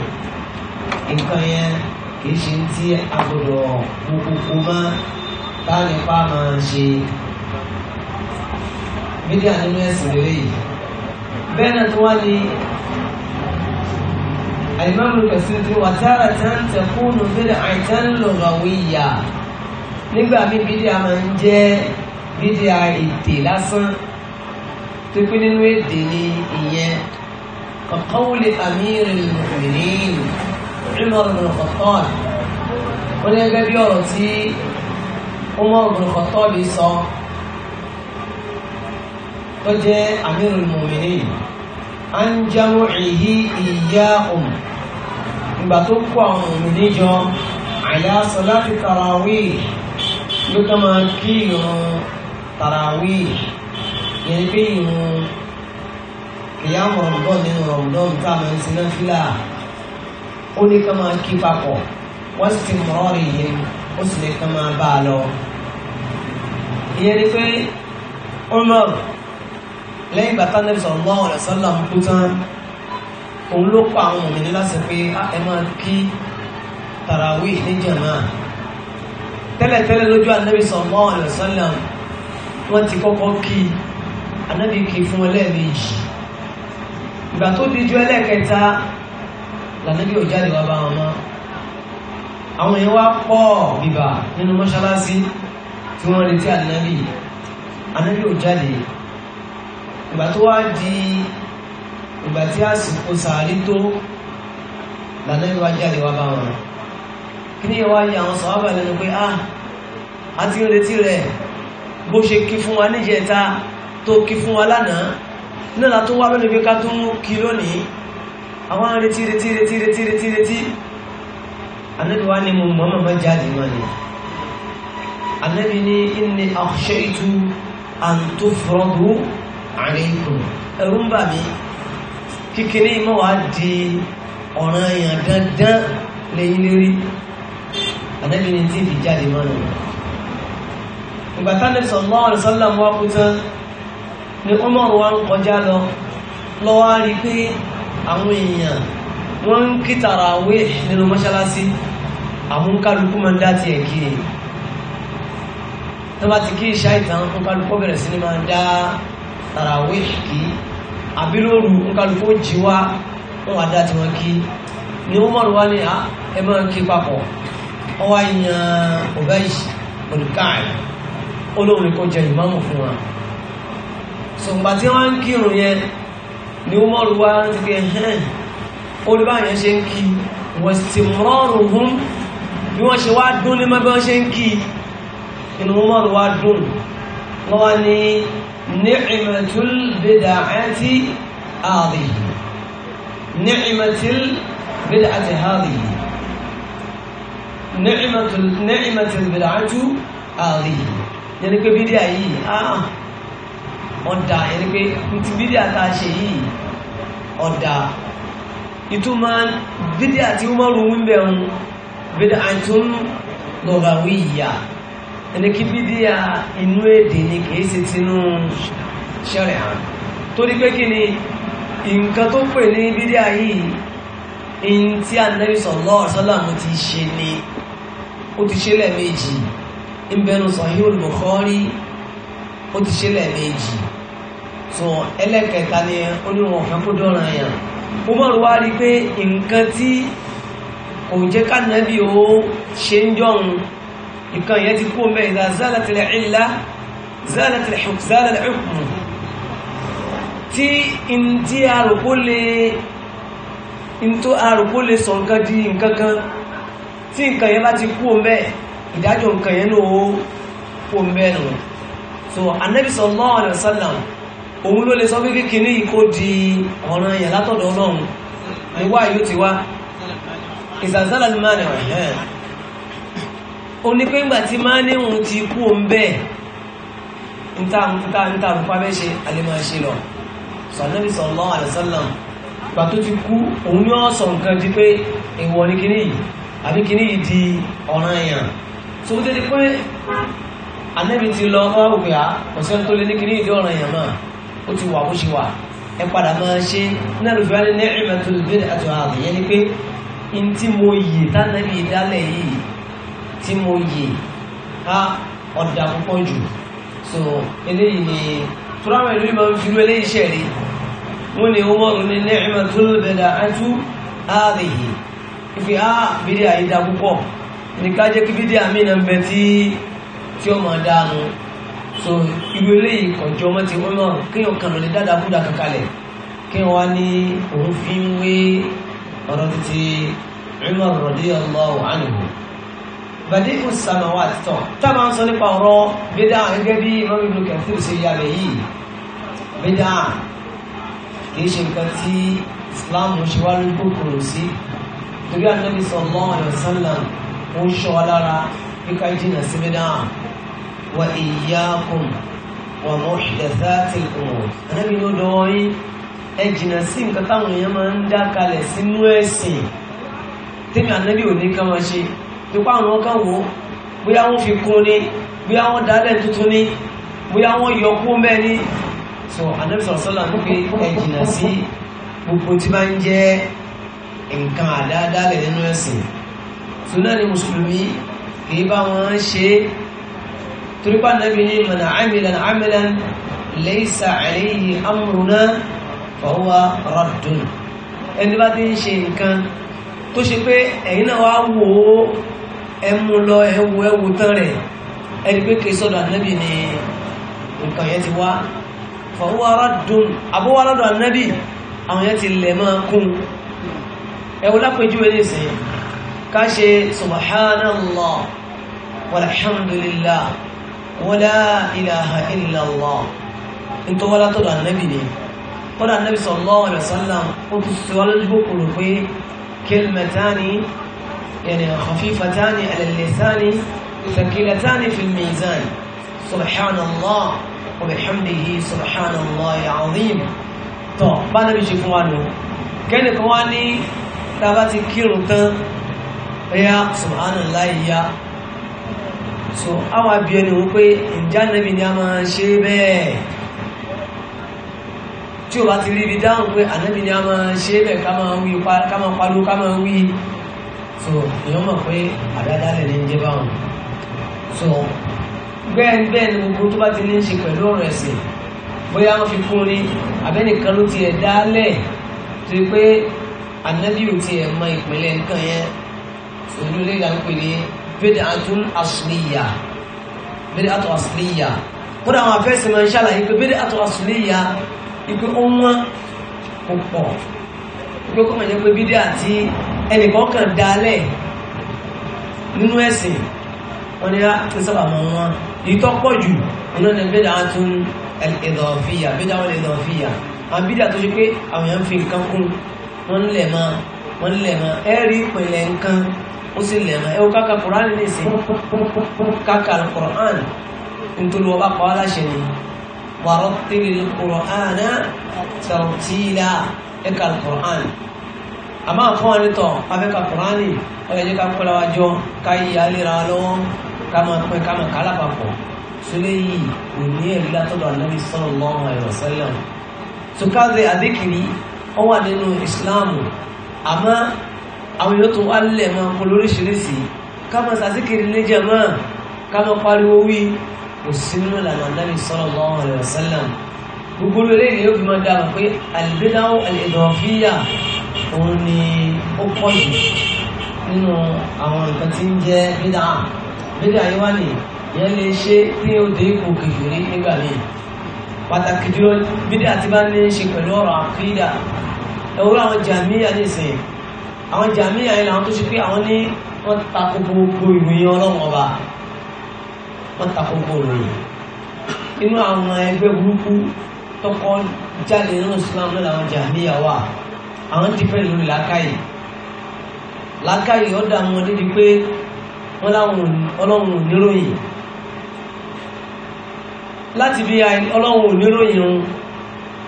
nǹkan yẹn kì í ṣe ti agbọ́dọ̀ kókókó mọ́ báyìí pa máa ń ṣe bídíà nínú ẹ̀sìn lélẹ̀ yìí bẹ́ẹ̀ náà tó wá ní àìmọ́lù kẹsìrì tí wà tára tá ń tẹ̀kúnnù bídíà àìtán lọ́gàwíyà nígbà míì bídíà máa ń jẹ́ bídíà èdè lásán tó pé nínú èdè ni ìyẹn. كقول أمير المؤمنين عمر بن الخطاب ونجد يرتي عمر بن الخطاب صح فجاء أمير المؤمنين عن جمعه إياهم بتوقع المؤمنين على صلاة التراويح لكما كيلو تراويح يعني كيلو ìyá mọ̀rọ̀dọ́ nínú rọ̀dọ́ tá a máa ń sin náà fílà ó ní ká máa kí papọ̀ wọ́n sì ti mọ̀ọ́ rí yẹn ó sì ní ká máa bá a lọ. ìyẹn ni pé Umar lẹ́yìn bàtà nẹ́bí sallallahu alaihi wasallam kú tán òun ló pa àwọn òmìnir láti pé ẹ máa kí tarawih ní jàmá tẹ́lẹ̀tẹ́lẹ̀ lójú ànábì sallallahu alaihi wasallam wọ́n ti kọ́kọ́ kí ànábì kí fún ẹlẹ́ẹ̀mejì ìgbà tó di ju ẹlẹ́ẹ̀kẹta lànàbí ò jáde wá bá wọn mọ́ àwọn èèyàn wá pọ̀ bìbà nínú mọ́ṣáláṣí tí wọ́n retí ànábì ànábì ò jáde ìgbà tó wá di ìgbà tí àsìkò sàárì tó lànàbí wá jáde wá bá wọn kí ni ìwà yìí àwọn sọ̀rọ̀ lẹ́nu pé ah àti retí rẹ̀ bó ṣe kí fún wa níjẹta tó kí fún wa lánàá náà la tó wá lónìí pé ká tó ń kí lónìí àwọn retí retí retí retí retí retí anabi wa ni mo mọ́mọ́ mọ́ jáde mọ́ ni anabi ni inni akhshaytu an tufradu alaykum ẹ̀rù ń bà mí kíkiri mọ́ wá di ọ̀ràn èèyàn dandan lẹ́yìn lérí anabi ni tí ìfi jáde mọ́ ni ìgbà tánẹ́sọ̀ lọ́wọ́ mọ́ wá kú tán ni Umar wa ń kọjá lọ lọ́wọ́ rí pé àwọn èèyàn wọ́n ń kí tàràwé nínú mọ́ṣáláṣí àwọn kálukú máa ń dá tiẹ̀ kiri tó bá ti kí ìṣá ìtàn nkálukú bẹ̀rẹ̀ sí ni máa ń dá tàràwé kì í àbí lóru nkálukú jí wá wọ́n wá dá tiwọn kí ni Umar wa ni ah, ẹ máa ń kí papọ̀ ọwọ́ àyàn ọ̀bẹ́ yìí olùkàì olórin kọjá ìmáàmù fún wa sọ̀gbà tí wọ́n ń kírun yẹn ni ó mọ́rù wá ń ti gẹ̀ hẹ́n olùbáyẹn ṣe ń kí wọ́n sì mọ́rùn hún bí wọ́n ṣe wá dún ní mọ́ wọ́n ṣe ń kí inú mọ́rù wá dùn wọ́n wá ní ni'matul bid'ati ààrẹ ni'matul bid'ati ààrẹ ni'matul bid'ati ààrẹ yẹn ni pé bídíà yìí ah, ọ̀dà yẹn ni pé ntí bídíà tá a ṣe yìí ọ̀dà ìtumọ̀ bídíà tí wọ́n rò wíńbẹ̀ ń bídíà àìtún lọ́gàwí ìyá ẹni kí bídíà inú èdè ni kìí ṣe tinú ṣẹ̀rẹ̀ hàn torí pé kí ni nǹkan tó pè ní bídíà yìí in tí Ànábì sallallahu alaihi wasallam ti ṣe ni ó ti ṣe lẹ́ẹ̀mejì ń bẹnu Sahihul Bukhari ó ti ṣe lẹ́ẹ̀mejì so ẹlẹ́kẹta ni oníwọ̀n fẹ́ kó dọ́ràn yàn Umar wá rí pé nǹkan tí kò jẹ́ ká nàbí ó ṣe ń jọrun nǹkan yẹn ti kú ọmọ ìdá zálàtìlẹ̀ ìlà zálàtìlẹ̀ hukm tí in tí arùkú lè in tó arùkú lè sọ nǹkan di nǹkan kan tí nǹkan yẹn bá ti kú ọmọ ìdájọ́ nǹkan yẹn ló kú ọmọ ẹ̀nà so anabi sallallahu alaihi wasallam òun ló lè sọ pé kíkiri yìí kó di ọ̀ràn yà látọ̀dọ̀ ọlọ́run níwá yóò ti wá ìsànsálà ni máa nìwọ̀n ẹ̀ o ní pé ńgbà tí máa níhun ti kú o ń bẹ́ẹ̀ níta níta níta rúpa bẹ́ẹ̀ ṣe alẹ́ máa ṣe lọ sọ̀nàbí sallallahu alaihi wasallam gbà tó ti kú òun ní ọ̀sọ̀ nǹkan di pé èèwọ̀ ni kíní yìí àbí kíní yìí di ọ̀ràn èèyàn tó ó tẹ́lẹ̀ pé anẹ́bí ti lọ ọ́ òkè á kò sẹ́ni tó lé ní kíní yìí di ọ̀ràn èèyàn náà ó ti wà bó ṣe wà ẹ padà máa ṣe náà ló fi wá ní ní ìmọ̀tò ìbílẹ̀ àti ààrùn yẹn ni pé n tí mo yè tánàbí ìdálẹ̀ yìí tí mo yè á ọ̀dà púpọ̀ jù so eléyìí ni turawọn ìlú ìmọ̀ fi lú eléyìí ṣẹ̀ rí wọ́n ní umaru ní ní ìmọ̀tò ìbílẹ̀ àti ààrùn yìí ìfi á bídí àyídá púpọ̀ ní ká jẹ́ kí bídí àmì náà bẹ tí tí ó máa dáa nù so irú eléyìí kọjọ́ ọmọ ti wọ́n náà kéèyàn kan lọ lè dáadáa kúdà kankalẹ̀ kéèyàn wá ní òun fi ń wé ọ̀rọ̀ títí Umar radiyallahu anhu bàdé fún sàmàwá àtìtọ̀ tá a máa ń sọ nípa ọ̀rọ̀ bídà gẹ́gẹ́ bí Imam Ibn Kathir ṣe yàrá yìí bídà kì ṣe nǹkan tí Islam ṣe wá lójú kòkòrò sí torí Ànábì sallallahu alaihi wasallam ó ń ṣọ́ wa iyyakum wa muhdathatil umur anábì ló dọwọ́ yín ẹ jìnnà sí nǹkan táwọn èèyàn máa ń dá kalẹ̀ sínú ẹ̀sìn tẹ́mi ànábì ò ní ká máa ṣe pípa àwọn ọkàn wò bóyá wọ́n fi kún ni bóyá wọ́n dálẹ̀ tuntun ni bóyá wọ́n yọ kú mẹ́ ni so ànábì sọ̀rọ̀ sọ́la ń pe ẹ jìnnà sí gbogbo tí máa ń jẹ́ nǹkan àdáadáa lẹ̀ nínú ẹ̀sìn so náà ni mùsùlùmí kì í bá wọn ṣe é torípa nàbí ní mọ̀nà àmìlàn àmìlàn lẹ́sà àlẹ́yìí amúrúná fọwọ́ rọ́dùn ẹni bá ti ń ṣe nǹkan tó ṣe pé ẹ̀yin náà wá wò ó ẹmú lọ ẹwù ẹwù tán rẹ̀ ẹni pé kìí sọ́dọ̀ ànábì ni nǹkan yẹn ti wá walhamdulillah wọ́n lá ilaha illallah nítorí wọ́n látọ̀dọ̀ ànábì ni wọ́n ànábì sallallahu alaihi wasallam ó tún sọ lójúkòkòrò pé kalimatani yani khafifatani ala lisani thaqilatani fil mizan subhanallah wa bihamdihi subhanallah alazim tọ́ bá náà bí ṣe fún wa lò kẹ́ni kan wá ní tàbá ti kírun tán ẹ̀yà subhanallah ìyá so àwọn àbí ẹni wọn pé ǹjẹ́ ànábì ni a máa ṣe bẹ́ẹ̀ tí o bá ti rí ibi dáhùn pé ànábì ni a máa ṣe bẹ́ẹ̀ ká máa wí ká máa pariwo ká máa wí so èèyàn mọ̀ pé àdádálẹ̀ ní jẹ́ báwọn so bẹ́ẹ̀ bẹ́ẹ̀ ni gbogbo tó bá ti ní ṣe pẹ̀lú ọ̀rọ̀ ẹ̀sìn bóyá wọ́n fi kún ni àbẹ́nìkan ló tiẹ̀ dálẹ̀ tó yẹ pé ànábì ò tiẹ̀ mọ ìpínlẹ̀ nǹkan yẹn òdúlé là ń pè ní bídí àtún asùlìyà bídí àtún asùlìyà kódà àwọn afẹ́sìn máa ń ṣàlàyé pé bídí àtún asùlìyà ipe ọwọ́n kò pọ̀ ipe kọ́mọ̀ jẹ́ pé bídí àti ẹnìkan kan dalẹ̀ nínú ẹ̀sìn wọn ni láti sábà mọ̀ wọn èyí tó pọ̀ jù iná ni bídí àtún ìdọ̀fìyà bídí àwọn ìdọ̀fìyà àwọn bídí àtún ṣe pé àwọn èèyàn fi nǹkan kún wọn lẹ̀ mọ́ wọn lẹ̀ mọ́ ẹ̀rí ìpìlẹ̀ nǹkan ó sì lẹ̀ ẹ ó káka kùránì lè sí káka kùránì nítorí wọn bá pa wá láṣẹ ni wàrọ tìrì kùránì tàrtìlà ẹ ká kùránì àmọ́ àfọwọn ni tọ afẹka kùránì ọyọ jẹ ká kọlá wa jọ ká yí alera lọ́wọ́ ká máa pẹ ká máa kálá papọ̀ sílẹ̀ yìí kò ní ẹ̀rí látọ̀dọ̀ ànábi sallallahu alaihi wasallam sùkàdé àdékìrí ó wà nínú Islam, ama àwọn èèyàn tó wá lẹ̀ máa kọ lóríṣiríṣi ká máa sàzíkiri léjẹ̀ máa ká máa pariwo wí kò sínú ìlànà Ànábì sallallahu alaihi wasallam gbogbo lórí ni yóò fi máa dára pé àlìbídáwò àlìdọ̀fíyà òun ni ó pọ̀ jù nínú àwọn nǹkan tí ń jẹ́ bídà bídà yìí wá nìyí ìyẹn lè ṣe tí ó ipò kékeré nígbà míì pàtàkì jùlọ bídà ti bá ní ṣe pẹ̀lú ọ̀rọ̀ àkídà ẹ̀wọ́n àwọn jàmíyà nìsín àwọn jàmíyà yìí làwọn tó ṣe pé àwọn ní wọ́n tako gbogbo ìròyìn ọlọ́run ọba wọ́n tako gbogbo ìròyìn inú àwọn ẹgbẹ́ burúkú tọkọ jáde nínú Islam náà làwọn jàmíyà wà àwọn ti fẹ́ lórí làákàyè làákàyè ọ̀dà wọn débi pé wọ́n láwọn ọlọ́run ò níròyìn láti bí ọlọ́run ò níròyìn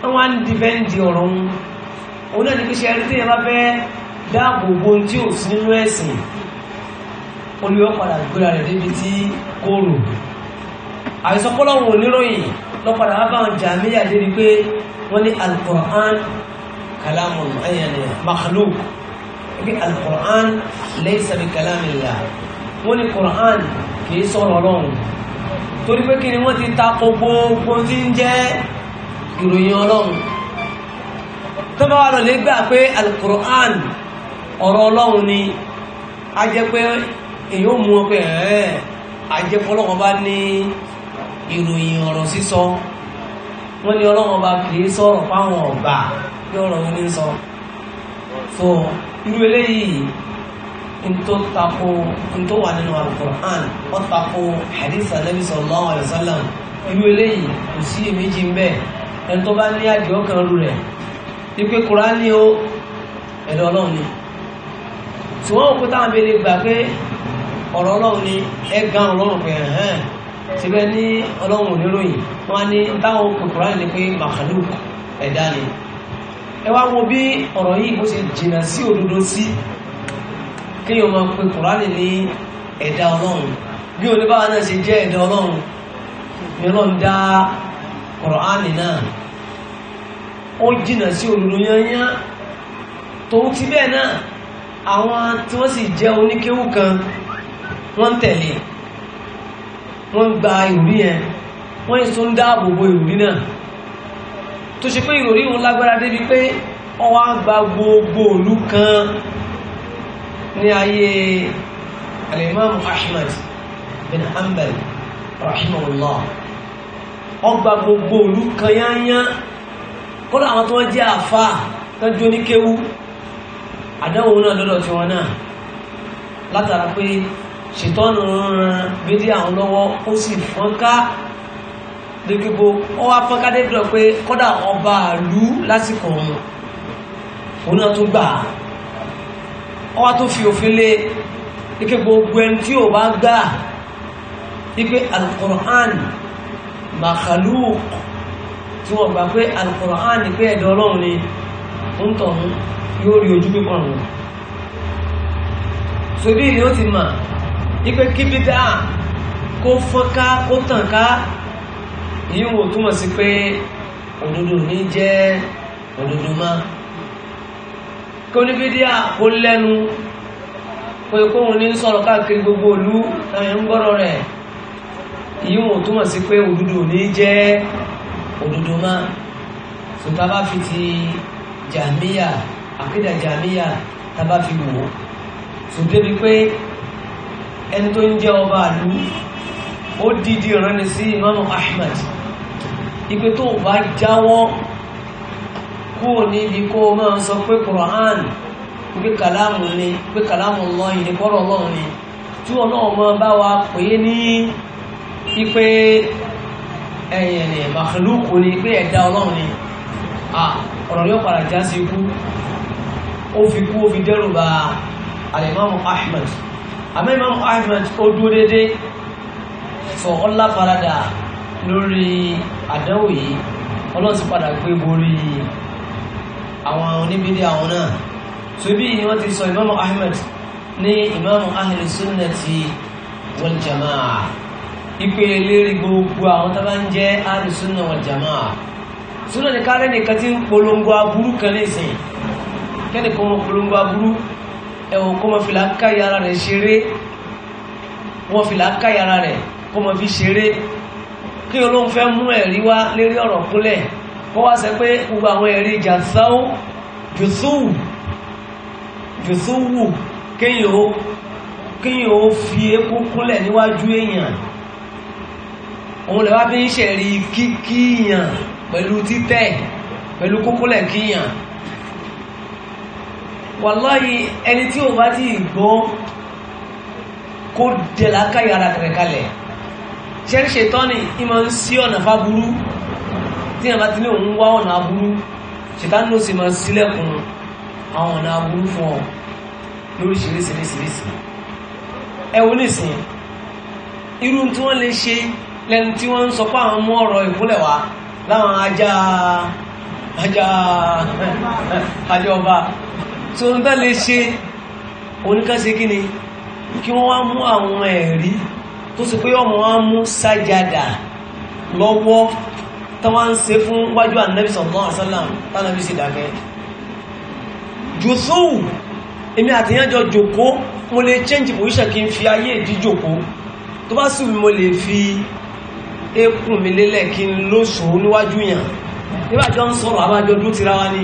wọn wá ń dìbẹ́ǹdì ọ̀rọ̀ wọn òun náà ní kí ṣe ẹni tí yẹn bá fẹ́ dáàbòbò tí ò sí nínú ẹ̀sìn olùyọ́ padà gbéra rẹ̀ débi tí kò rò àìsọpọ́lọ́wọ̀n oníròyìn lọ́padà wá báwọn jàmíyà débi pé wọ́n ní al-Qur'an kalamu ayẹyẹ makhluk ebi al-Qur'an laysa bi kalamillah wọ́n ní Qur'an kìí sọ̀rọ̀ Ọlọ́run torí pé kí ni wọ́n ti takò gbogbo tí ń jẹ́ ìròyìn Ọlọ́run tó bá lọ lè gbà pé al ọ̀rọ̀ ọlọ́run ni a jẹ́ pé èyí ó mú ọ pé ẹ̀ a jẹ́ fọlọ́wọ́n bá ní ìròyìn ọ̀rọ̀ sísọ wọ́n ní ọlọ́wọ́n bá kì í sọ̀rọ̀ fáwọn ọ̀gbà ní ọ̀rọ̀ òun ní sọ so irú eléyìí ntó tako ntó wà nínú alukur'an ó tako hadith anabi sallallahu alayhi wa sallam irú eléyìí kò sí èméjì ń bẹ ẹni tó bá ní àdìọ́ kan rú rẹ̀ ipe kurani o ẹ̀dọ̀ ọlọ́run ni ṣùgbọ́n òkú táwọn abẹ́rẹ́ gbà pé ọ̀rọ̀ ọlọ́run ni ẹ̀gán ọlọ́run pé ẹ̀hán síbẹ̀ ní ọlọ́run oníròyìn wọ́n ní táwọn kòkòrò ní pé makhluk ẹ̀dá ni ẹ wá wo bí ọ̀rọ̀ yìí bó ṣe jìnà sí òdodo sí kéèyàn máa pe kòránì ní ẹ̀dá ọlọ́run bí oníbàbà náà ṣe jẹ́ ẹ̀dá ọlọ́run ni ọlọ́run dá kòránì náà ó jìnà sí òdodo yányá tòun ti bẹ́ẹ̀ náà àwọn tí wọ́n sì jẹ́ oníkéwù kan wọ́n ń tẹ̀lé wọ́n ń gba ìròrí yẹn wọ́n ń so ń dáàbò bo ìròrí náà tó ṣe pé ìròrí òun lágbára débi pé ọwọ́ á gbogbo òlú kan ní ayé alimami Ahmad bin Hanbal rahimahullah ọgbà gbogbo òlú kan yányán kọ́lá àwọn tó wọ́n jẹ́ àfáà tọ́jú oníkéwú àdánwò náà lọ́dọ̀ tí wọn náà látara pé ṣètọ́nù ran bídí àwọn lọ́wọ́ ó sì fọ́nká lókèbó ó wá fọ́nká dédọ̀ pé kọ́dà ọba àlú lásìkò ọmọ òun náà tún gbà ó wá tó fi òfin lé lókèbó gbẹn tí ò bá gbà wípé alukoran makhluk tí wọ́n gbà pé alukoran pé ẹ̀dọ̀ ọlọ́run ni tó ń tọ̀ yóò rí ojú pípọ̀ sobi ni ó ti mà ipe kíbídà kó fọ́nká kó tàn ká ìyẹn wò túmọ̀ sí pé òdodo ní jẹ́ òdodo má kó ní bídíà kó lẹ́nu kó ikóhun ní sọ̀rọ̀ káàkiri gbogbo olu táyẹ̀ ń gbọ́rọ̀ rẹ̀ ìyẹn wò túmọ̀ sí pé òdodo ní jẹ́ òdodo má bá fi jàmíyà àkídà jàmíyà tábà fi wò ó tó débi pé ẹni tó ń jẹ́ ọba àlú ó dídí ránni sí imáàmù Ahmad ipe tó bá jáwọ́ kúrò níbi kó o máa sọ pé Quran pé kàlámù ni pé kàlámù lọ́yìn ní kọ́rọ̀ ọlọ́run ni tí wọn náà mọ bá wa pè é ní ipe ẹ̀yìn ni màkàlùkù ni pé ẹ̀dá ọlọ́run ni ọ̀rọ̀ yóò padà já sí ikú ó fi kú ó fi dẹ́rù bá alimami ahmed àmọ́ imam ahmed ó dúró déédéé sọ ọlá parada lórí àdánwò yìí ọlọ́run sì padà gbé borí àwọn oníbídé àwọn náà tóbi ni wọ́n ti sọ imam ahmed ní imam ahli sunnati wal jamaa ipe lérí gbogbo àwọn tó bá ń jẹ́ ahli sunna wal jamaa sọ́dọ̀ ní kárẹ́ nìkan tí ń polongo aburú kan lè sìn kẹ́nìkan wọn polongo aburú ẹ̀wọ̀n kọ́ mọ́ fìlà káyà ara rẹ̀ ṣeré wọ́n fìlà káyà ara rẹ̀ kọ́ mọ́ fi ṣeré kí olóhùn fẹ́ mú ẹ̀rí wá lérí ọ̀rọ̀ kúnlẹ̀ kọ́ wá sẹ́ pé gbogbo àwọn ẹ̀rí ìjà sáwó jùsùwù jùsùwù kéèyàn ó kéèyàn ó níwájú èèyàn òun lè wá bí ń ṣẹ̀rí kíkíyàn pẹ̀lú títẹ̀ pẹ̀lú kókólẹ̀ kíyàn wàláyé ẹni tí ò bá ti gbọ́ kó dẹ̀láká yàrá rẹ̀ kalẹ̀ ṣẹ́ríṣẹ́ tọ́ni ìmọ̀ ń sí ọ̀nà fáburú tí a bá ti ní òun wá ọ̀nà aburú ṣètánù ló sì máa sílẹ̀kùn àwọn ọ̀nà aburú fún ọ lóríṣiríṣiríṣiríṣi ẹ̀wọ́n nìsín irú tí wọ́n lè ṣe lẹ́nu tí wọ́n ń sọ pé àwọn mú ọ̀rọ̀ ìkúnlẹ̀ wá láwọn ajá ajá ajá ọba tí wọ́n bá lè ṣe oníkàṣe kí ni kí wọ́n wá mú àwọn ẹ̀rí tó sì pé ọmọ wọn mú sájàdà lọ́wọ́ tọ́wọ́ ń ṣe fún wájú ànábì sallallahu alaihi wasallam tánàbí sì dákẹ́ jùsùn èmi àtìyànjọ jòkó mo lè change position kí n fi ayé ìdí jòkó tó bá sùn mo lè fi ékùn mi lélẹ̀ kí n lóṣòó níwájú yàn nígbàjọ́ ń sọ̀rọ̀ àbájọ́ dún tira wa ni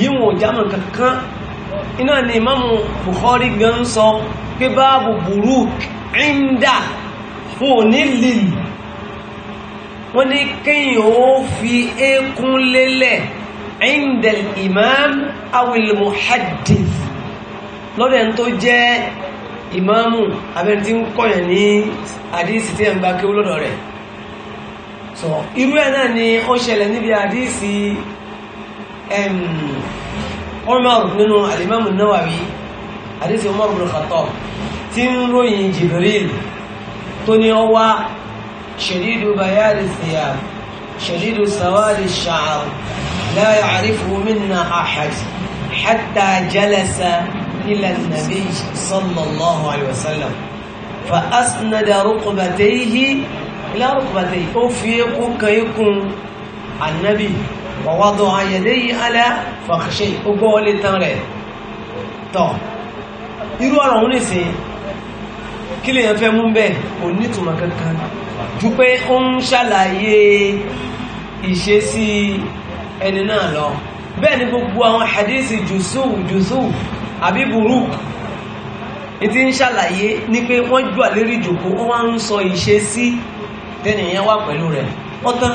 yíwọ̀n jámọ̀ kankan iná ni imamu Bukhari gan sọ pé báàbù burúk ẹ́ndà fún òní lìlì wọ́n ní kíyàn ó fi ékún lélẹ̀ ẹ́ndà imam awil lọ́dẹ̀ tó jẹ́ ìmáàmù abẹ́ni tí ń kọ̀yàn ní àdíìsì tí ẹ̀ ń bá kéwú lọ́dọ̀ rẹ̀ sọ irú ẹ̀ náà ni ó ṣẹlẹ̀ níbi àdíìsì Umar nínú al-Imam an-Nawawi àdíìsì Umar ibn Khattab tí ń ròyìn Jibril tó ní ọ wá shadidu bayadi thiyab shadidu sawadi sha'r la ya'rifuhu minna ahad hatta jalasa إلى النبي صلى الله عليه وسلم فأسند ركبتيه إلى ركبتيه أوفيكم كيكم النبي ووضع يديه على فخشيه أقول تنري طب irú ọ̀rọ̀ òun nìsín kí lè yẹn fẹ́ mú bẹ́ẹ̀ kò nítumọ̀ kankan ju pé ó ń ṣàlàyé ìṣesí ẹni náà lọ bẹ́ẹ̀ ni gbogbo àwọn hadisi jùsù jùsù àbí burúk ìtí ń ṣàlàyé ní pé wọ́n jù àlérí ìjòkó wọ́n wá ń sọ ìṣe sí tẹ́nìyàn wà pẹ̀lú rẹ̀ ọ̀tán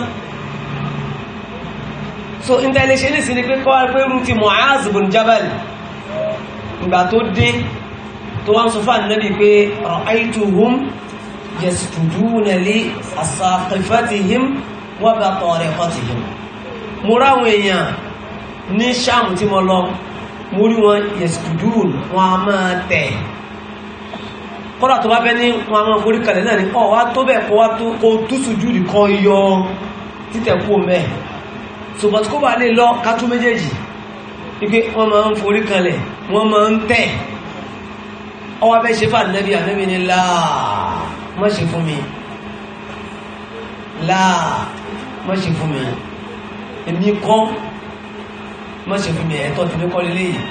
so intelligence ní sí ni pé kọ́ pé rú ti Mu'az bin Jabal ìgbà tó dé tó wá ń sọ fún ànábì pé ra'aytuhum yasjuduna li asaqifatihim wa batariqatihim mo ráwọn èèyàn ní sáàmù tí mo lọ mo rí wọn yẹsùdúrù wọn a máa tẹ̀ kọ́lá tó bá fẹ́ ní wọn a máa forí kalẹ̀ náà ni ọ wá tó bẹ̀ kó wá tó kó túsù jù nìkan yọ títẹ̀ kú mẹ́ ṣùgbọ́n kó bá lè lọ kátó méjèèjì wípé wọ́n máa ń forí kalẹ̀ wọ́n máa ń tẹ̀ ọwọ́ abẹ́ ṣe fà nẹ́bí ànẹ́bí ni láà mọ́ ṣe fún mi láà mọ́ ṣe fún mi èmi kọ́ mọ́ ṣe fún mi ẹ̀tọ́ tèmi kọ́ lélẹ̀ yìí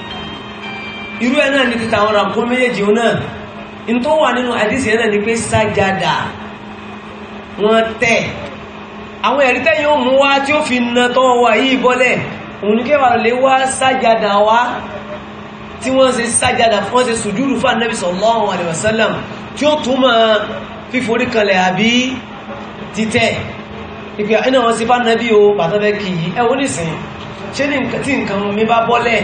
irú ẹ̀ náà ni títa àwọn ràǹkó méjèèjì òun náà n tó wà nínú àdìsí ẹ̀ náà ni pé sájàdà wọ́n tẹ̀ àwọn ẹ̀rí tẹ́yìn ó mú wá tí ó fi na tọ́wọ́ wa yìí bọ́lẹ̀ òun ní kẹwàá lè wá sájàdà wá tí wọ́n ṣe sájàdà wọ́n ṣe sùjúrù fún anábì sallallahu alaihi tí ó túmọ̀ fíforí kanlẹ̀ àbí títẹ̀ ìpè àìnà wọn sí fún anábì o bàtà ṣé ní nǹkan tí nǹkan mi bá bọ́lẹ̀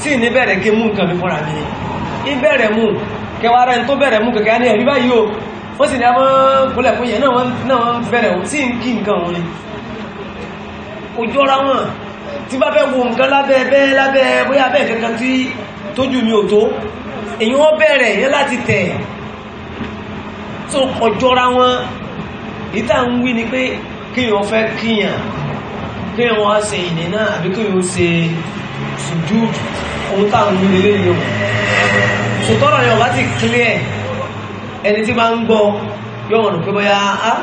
sí ní bẹ̀rẹ̀ kí mú nǹkan mi fúnra mi ní bẹ̀rẹ̀ mú kẹwàá rẹ̀ tó bẹ̀rẹ̀ mú kẹ̀kẹ́ ní ẹ̀rí báyìí o ó sì ní a máa ń kúnlẹ̀ fún yẹn náà wọ́n ti bẹ̀rẹ̀ sí ń kí nǹkan òun ni ojú ọ̀rá wọn tí bá fẹ́ wo nǹkan lábẹ́ ẹbẹ́ lábẹ́ bóyá bẹ́ẹ̀ kankan tí tójú mi ò tó èyí wọ́n bẹ̀rẹ̀ yẹn láti tẹ̀ tó kọjọ́ra wọn ìta ń wí ni pé kíyàn fẹ́ kíyàn kí wọ́n wá ṣe ìdè náà àbí kí wọ́n ṣe ṣùjú ohun táwọn ní lélẹ́ yìí o sòtọ́rọ̀ yẹn ọba ti clear ẹni tí máa ń gbọ́ yọ̀wọ̀n rò pé bóyá á ah,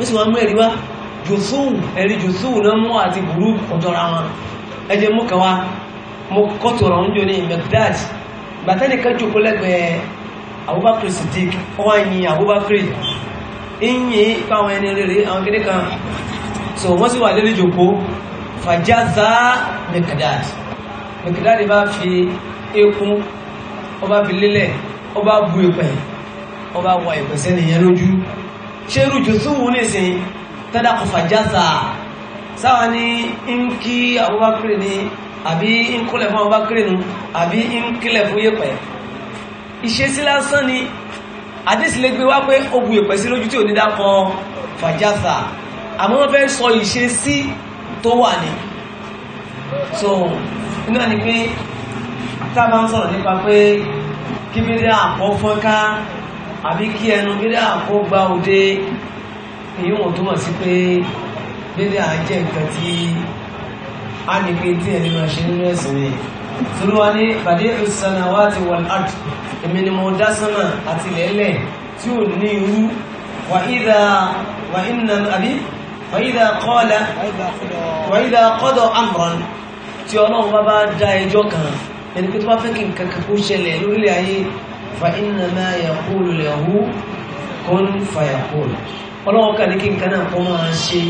ó sì máa mú ẹ̀rí wá jùsù ẹ̀rí jùsù náà mú àti burú kọjọra wọn ẹjẹ mú kan wá mo kọ́tù ọ̀rọ̀ ń jò ní Baghdad gbàtẹ́nì kan jòkó lẹ́gbẹ̀ẹ́ Abubakar Siddiq wọ́n á yin Abubakar ń yin ipá àwọn ẹni rere àwọn kìnnìkan so wọ́n sì wà lórí ìjòkó fàjáza mekadad mekadad bá fi eékún ọba fi lélẹ̀ ọba bu ìpẹ́ ọba wà ìpẹ́ sẹ́ni yẹn lójú ṣé rújò tó wù nísìn tẹ́dà kò fàjáza sáwa ní ń kí Abubakar ní àbí ń kúlẹ̀ fún Abubakar nù àbí ń kílẹ̀ fún yẹpẹ̀ ìṣesí lásán ni àdísìlẹ́gbẹ́ wá pé ó bu ìpẹ́ sí lójú tí ò ní dákọ̀ fàjáza àmọ́ wọ́n fẹ́ sọ ìṣe sí tó wà ní so iná ni pé tá a bá ń sọ̀rọ̀ nípa pé kí bídẹ́ àpọ̀ fọ́nká àbí kí ẹnu bídẹ́ àpọ̀ gba òde èyí wọ́n túmọ̀ sí pé bídẹ́ àjẹ́ nǹkan tí a ní pé tí ẹni máa ṣe nínú ẹ̀sìn ni tolúwa ní wa ìsànàwáti wà láàdù èmi ni mo dá sánà àti lẹ́lẹ̀ tí ò ní irú wà ìdá àbí فإذا قال وإذا قضى أمرا tí ọlọ́run bá bá dá ẹjọ́ kan ẹni pé tó bá fẹ́ kí nǹkan kan kó ṣẹlẹ̀ lórílẹ̀ ayé fa innama yaqulu lahu kun fayakun ọlọ́run kà ní kí nǹkan náà kó máa ṣe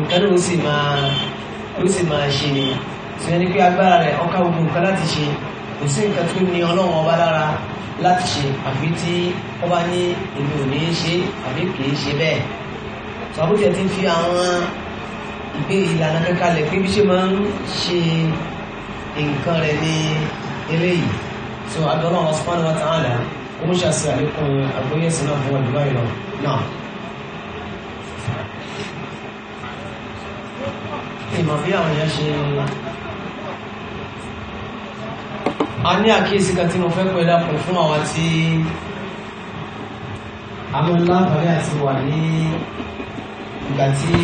nǹkan náà ó sì máa ó sì máa ṣe ni tí wọ́n ní pé agbára rẹ̀ ọkà gbogbo nǹkan láti ṣe kò sí nǹkan tó ní ọlọ́run ọba lára láti ṣe àfi tí ọba ní èmi ò ní í ṣe àbí kì í ṣe bẹ́ẹ̀ sàbójẹ ti fi àwọn ìgbé ìlànà kankalẹ̀ pé bí ṣe máa ń ṣe nǹkan rẹ̀ ní eléyìí so adọ́nà wa subhanahu wa ta'ala ó ń ṣàṣe àlékún àgbóyẹ̀sìn náà fún ọdún báyìí lọ náà. ìmọ̀ bí àwọn èèyàn ṣe ńlá a ní àkíyèsí kan tí mo fẹ́ pẹ̀lú àpò fún àwọn tí a mọ́ lábàárẹ̀ àti wà ní ìgbà tí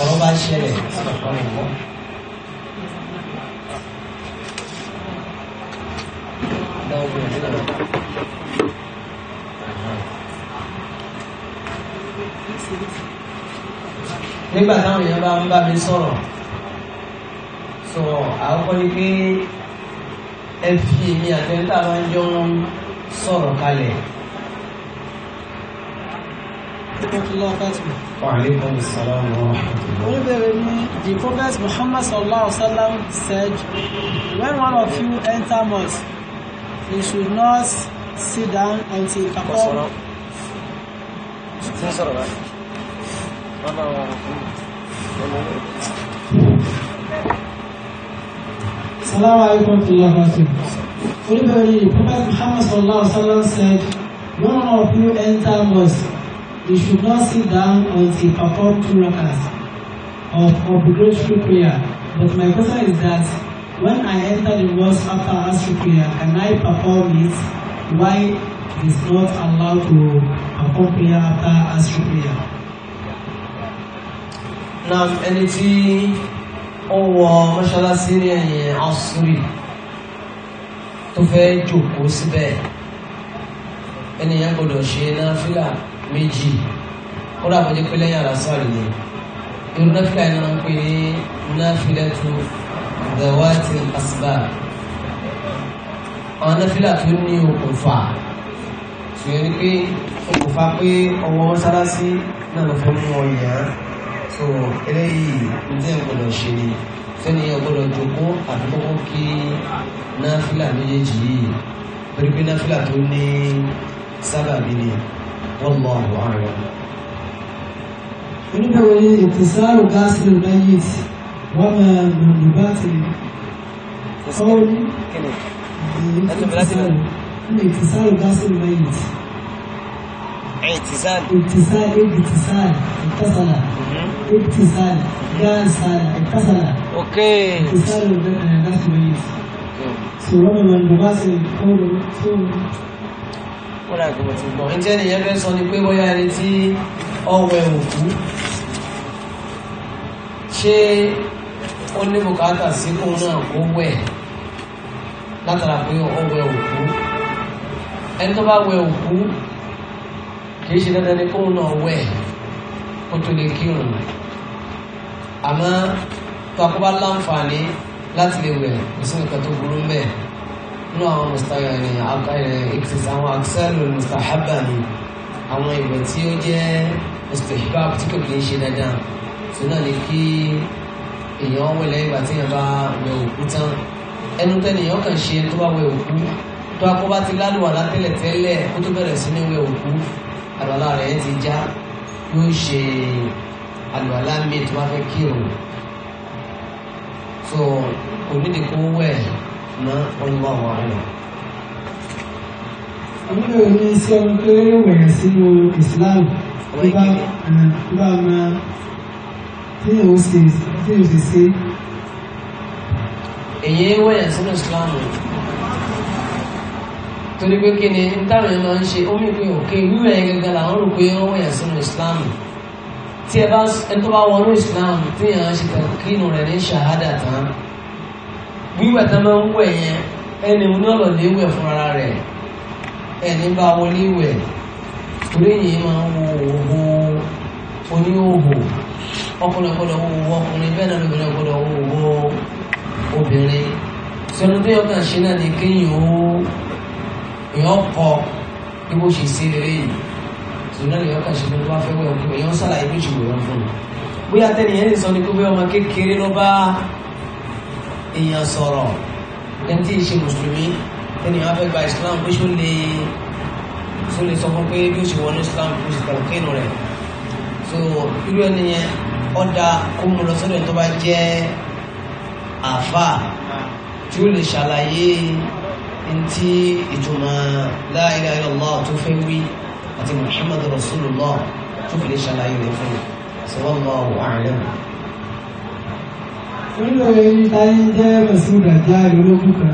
ọ̀rọ̀ bá ṣẹlẹ̀ sí ọ̀pọ̀ ẹ̀kọ́. nígbà táwọn èèyàn bá ń bá mi sọ̀rọ̀ sọ àkọ́kọ́ ni pé ẹ fi èmi àtẹ̀ńtà máa ń jọ sọ̀rọ̀ kalẹ̀ rahmatullahi wa barakatuh. wa alaikum assalam wa rahmatullahi. wọ́n bẹ̀rẹ̀ ní the prophet muhammad صلى الله عليه وسلم said when one of you enter mosque you should not sit down until perform. Salaam alaikum warahmatullahi wabarakatuh. Everybody, Prophet Muhammad sallallahu alaihi wa sallam said, when "One of you enter mosque they should not sit down until perform two rakats of obligatory prayer. But my question is that when I enter the mosque after Asr prayer, can I perform it? Why is not allowed to perform prayer after Asr prayer? Now, ẹni tí ó wọ mọ́ṣáláṣí ní ẹ̀yìn asúrì tó fẹ́ jòkó síbẹ̀ ẹni yẹn gbọ́dọ̀ ṣe náà fílà méjì kódà kó jẹ́ pé lẹ́yìn àlásọ́ọ̀lì ni irú náfìlà yìí náà ń pè ní náfìlà tó dàwátì àsìbà àwọn náfìlà tó ní okùnfà ṣùgbọ́n ni pé okùnfà pé ọwọ́ mọ́sálásí náà ló fẹ́ mú ọ yàn án so eléyìí ǹjẹ́ ìgbọ́dọ̀ ṣe ni sẹ́ni ọgbọ́dọ̀ jòkó àdúgbò kí náfìlà méjèèjì yìí pẹ̀lú pé náfìlà tó ní sábàbí ni. والله أعلم إنه اتصال غسل الميت وما من الباطل قول اتصال غسل الميت اعتزال اتصال اتصال اتصل اتصال غسل اتصل اوكي اتصال غسل آه، الميت سورة من الغسل قول wọ́n láì gbọ́n ti gbọ́n ǹjẹ́ nìyẹn fẹ́ sọ ni pé bóyá ẹni tí ọwọ́ ẹ̀wọ̀n kú ṣé ó ní bùkátà sí kó náà kó wẹ̀ látara pé ọwọ́ ẹ̀wọ̀n kú nínú àwọn ìkìsà eh, eh, àwọn àkísàlù mustahaba ni àwọn ìwẹ̀ tí ó jẹ́ mustahaba tí kò kì í ṣe dandan tí náà ni kí èèyàn wẹ̀ lẹ́yìn ìgbà tí èèyàn bá wẹ̀ òkú tán ẹnu tẹ́lẹ̀ èèyàn kàn ṣe tó bá wẹ̀ òkú tó akọ́bá ti lálùwàlá tẹ́lẹ̀ tẹ́lẹ̀ kó tó bẹ̀rẹ̀ sí ní wẹ̀ òkú àlùwàlá rẹ̀ ti já yóò ṣe àlùwàlá mi tó bá fẹ́ kírun so onídìkú wẹ̀ mọ́ Allah wa Ala. àwọn èrò ní iṣẹ́ ohun tó yóò wẹ̀yẹ̀ sínú Islam tó bá máa Tiada yóò sì ṣe. èyí wẹ̀yẹ̀ sínú Islam torí begini, entah ni táwọn èèyàn máa ń ṣe omi pé òkè wíwẹ̀ yẹn gẹ́gẹ́ làwọn rò Islam Tiada ẹ bá orang Islam Tiada si, ṣe kini rẹ̀ ní ṣàhádà tán wíwẹ̀ tó máa ń wẹ̀ yẹn ẹni ní ọ̀lọ́lẹ̀ wẹ̀ fúnra rẹ̀ ẹni bá wọlé wẹ̀ torí èyí máa ń wo òwò oníhòòhò ọkùnrin gbọ́dọ̀ wo òwò ọkùnrin bẹ́ẹ̀ náà lóbìnrin gbọ́dọ̀ wo òwò obìnrin sọdún tó yọ kàn ṣe náà ni kéèyàn ó èèyàn kọ bí bó ṣe ṣe lélẹ̀ yìí sọdún náà yọ kàn ṣe tó bá fẹ́ wẹ̀ òkú èèyàn sàlàyé méjì wòran fún un bóyá tẹ́niyẹn lè sọ ni pé bóyá ọmọ kékeré ló bá èèyàn sọ̀rọ̀ ẹni tí ì ṣe mùsùlùmí ẹni wàá fẹ́ gba islam pé ṣó lè ṣó lè sọ fún pé bí ó ṣe wọnú islam kó ṣe tẹ̀wọ́ kéènù rẹ̀ so irú ẹni yẹn ọ̀dà kó mu lọ sọ́dọ̀ tó bá jẹ́ àfà tí ó lè ṣàlàyé ntí ìtumọ̀ la ilaha illallah tó fẹ́ wí àti muhammadu rasulullah tó fi lè ṣàlàyé rẹ̀ fún mi sọ́wọ́n lọ́wọ́ nínú ẹni táyé jẹ́ rẹ̀sùn dàjà ìrọ́lógún kan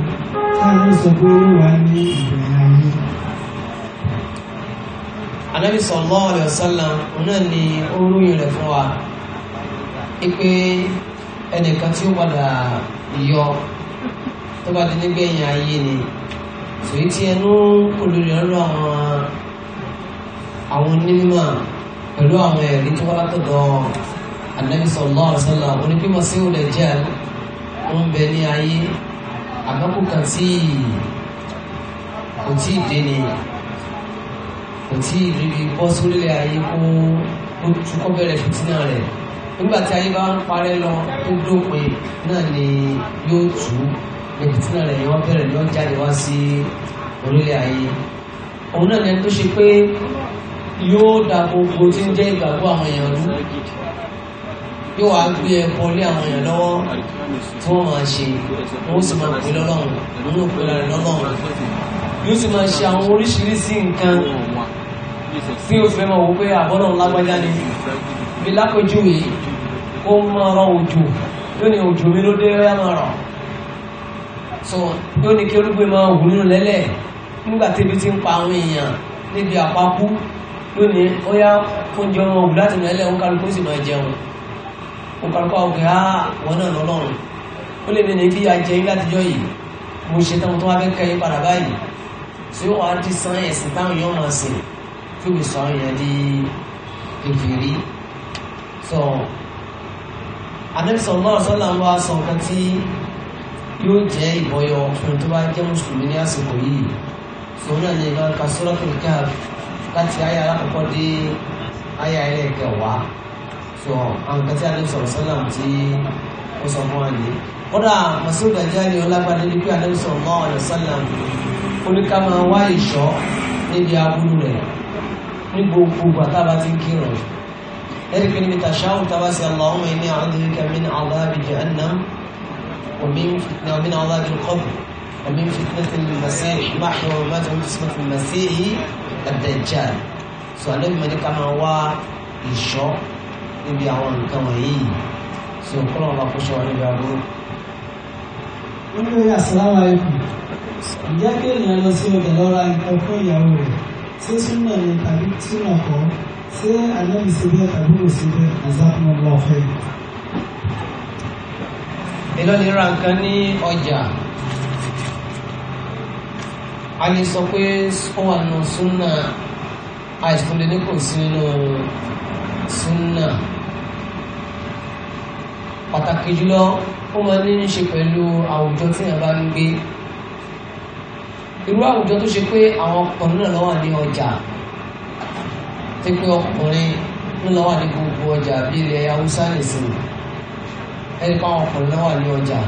táwọn sọ pé ó wà ní ìbẹ̀rẹ̀ ayé. Ànábì sallallahu alaihi wasallam ni ó ròyìn rẹ̀ fún wa pé ẹnìkan tí ó padà yọ tó bá ti nígbẹ̀yìn ayé ni sòyí tí ẹnu olùrẹ̀ ọ̀rọ̀ àwọn àwọn onímọ̀ pẹ̀lú àwọn ẹ̀rí tó wá látọ̀dọ̀ anabi sallallahu alaihi wasallam onípé masihu dajjal ń bẹ ní ayé àkókò kan tí kò tí ì dé ni kò tí ì rí bí bọ́ sórílẹ̀ ayé kó kó tukọ́ bẹ̀rẹ̀ fìtínà rẹ̀ nígbà tí ayé bá ń parẹ́ lọ tó dópin náà ni yóò tù ú ní fìtínà rẹ̀ yóò bẹ̀rẹ̀ yóò jáde wá sí orílẹ̀ ayé òun náà ni ẹni tó ṣe pé yóò da gbogbo tí ń jẹ́ ìgbàgbọ́ àwọn èèyàn lù yóò wá gbé ẹbọ lé àwọn èèyàn lọ́wọ́ tí wọ́n máa ṣe wọ́n sì máa pè lọ́lọ́run wọ́n yóò pè lára lọ́lọ́run yóò sì máa ṣe àwọn oríṣiríṣi nǹkan tí o fẹ́ máa wò pé àbọ̀dọ̀ lágbájá ni bí lápẹjúwe kó máa rọ òjò yóò ní òjò mi ló dé yá máa rọ̀ so yóò ní kí olúgbé máa wù nínú lẹ́lẹ̀ nígbà tébi ti ń pa àwọn èèyàn níbi àpapú yóò ní ó yá oúnjẹ ọmọ òwú láti nílẹ̀ ó kálukú sì máa jẹun ó kọ́kọ́ ọ̀gẹ́ á wọn náà lọ́lọ́run ó lè ní kí a jẹ́ látijọ́ yìí mo ṣe tán tó wá fẹ́ kẹ́yìn padà báyìí tí ó wà á ti san ẹ̀sìn táwọn yóò máa sìn kí o sọ àwọn di kékeré sọ anẹ́sọ̀ náà sọ́là ń wá sọ nǹkan tí yóò jẹ́ ìbọyọ fún tó bá jẹ́ mùsùlùmí ní àsìkò yìí sọ náà ní ìbá ka sọ́lá tó láti ayé alákọ̀ọ́kọ́ dé ayé ayé ẹ̀kẹ́ wàá so àwọn kan tí a ní sọ̀rọ̀ sọ́là tí ó sọ fún wa ni kódà masoud ajani ọlágbádé ní pé àdéhùn sọ̀rọ̀ mọ́ ọ̀rẹ́ sọ́là oníkà máa wá ìṣọ́ níbi aburú rẹ̀ ní gbogbo bàtà bá ti kírun. ẹ̀rí pé níbi tàṣáwù tá a bá ṣe Allahumma inni a'udhuka min 'adhabi jahannam wa min 'adhabi al-qabr wa min fitnati al-masih mahya wa mamati wa min fitnati al-masih ad-dajjal. sọ̀rọ̀ ní ìmọ̀ ní ká máa wá ìṣọ́ níbi àwọn nǹkan wọ̀nyí tí ó kọ́nà ọba kó sọ wọn níbi àbúrò. wọ́n ní àsàlámù aláìkùm ǹjẹ́ kí ènìyàn lọ sí ọjà lọ́ra nǹkan fún ìyàwó rẹ̀ ṣé súnà ni tàbí túnà kọ́ ṣé ànábì ṣe bẹ́ẹ̀ tàbí kò ṣe bẹ́ẹ̀ àzákùn ọba ọ̀fẹ́. èló ni ra nǹkan ní ọjà a lè sọ pé ó wà nù súnà àìsàn lè ní kò sí nínú súnà pàtàkì jùlọ ó máa ní í ṣe pẹ̀lú àwùjọ tí èèyàn bá ń gbé irú àwùjọ tó ṣe pé àwọn ọkùnrin náà lọ́wọ́ ní ọjà tó pé ọkùnrin náà lọ́wọ́ ní gbogbo ọjà bí ilẹ̀ haúsá nìsín ẹni pa àwọn ọkùnrin lọ́wọ́ ní ọjà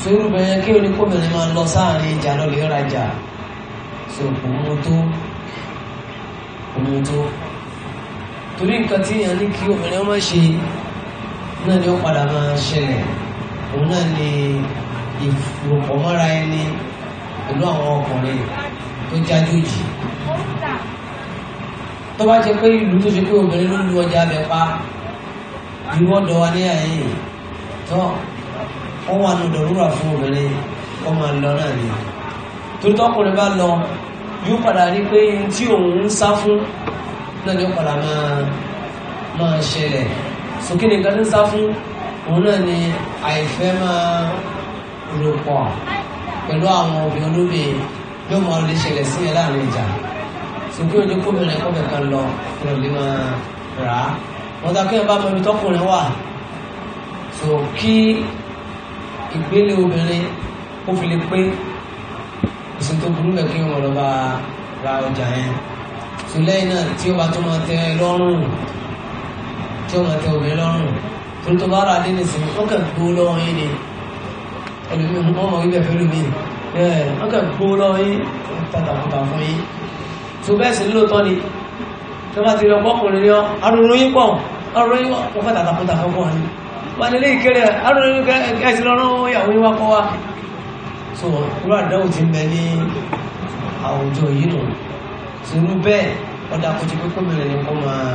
sórí bẹ̀rẹ̀ kí oníkóbìnrin máa lọ sáàrin ìjà lọ lè rajà so kò mú tó kò mú tó torí nǹkan tí èèyàn ní kí obìnrin ọmọ ṣe náà ni ó padà máa ṣẹlẹ̀ òun náà ni ìfòpọ̀mọ́ra ẹni pẹ̀lú àwọn ọkùnrin tó jájòjì tó bá jẹ pé ìlú tó ṣe pé obìnrin ló lu ọjà abẹ pa ìwọ́dọ̀ wa ní àyè tó wọ́n wà nù dọ̀rúrà fún obìnrin wọ́n máa lọ náà ni torí tọkùnrin bá lọ yóò padà rí pé tí òun ń sá fún náà ni ó padà máa máa ṣẹlẹ̀ sókè nìkan ní sá fún òun náà ni àìfẹ́ máa lò pọ̀ pẹ̀lú àwọn obìnrin olóbìnrin yóò máa lè ṣẹlẹ̀ sí ẹ láàrin ìjà sókè òní kóbìnrin kọ́ kankan lọ kúrò lè máa rà á wọ́n ta kéèyàn bá mọ ibi tọkùnrin wà so kí ìgbélé obìnrin ó fi lè pé ìsìn tó burú bẹ̀ kí tó lẹ́yìn náà tí ó bá tó máa tẹ lọ́rùn tí ó máa tẹ obìnrin lọ́rùn tó tó bá rà dé nísìnyí wọ́n kàn gbó lọ́wọ́ yín ni ẹlòmíì mú ọmọ wíwẹ̀ pẹ̀lú mi wọ́n kàn gbó lọ́wọ́ yín tàtàkùtà fún yín tó bẹ́ẹ̀ sì lóòótọ́ ni tó bá ti rí ọkọ̀kùnrin ni ọ́ arúgbó yín pọ̀ arúgbó yín wọ́n fẹ́ tàtàkùtà fún wọn ni wa so irú ní àwùjọ yìí nù sùúrù bẹ́ẹ̀ ọ̀dà kò jẹ́ pé kóbìnrin ni kó máa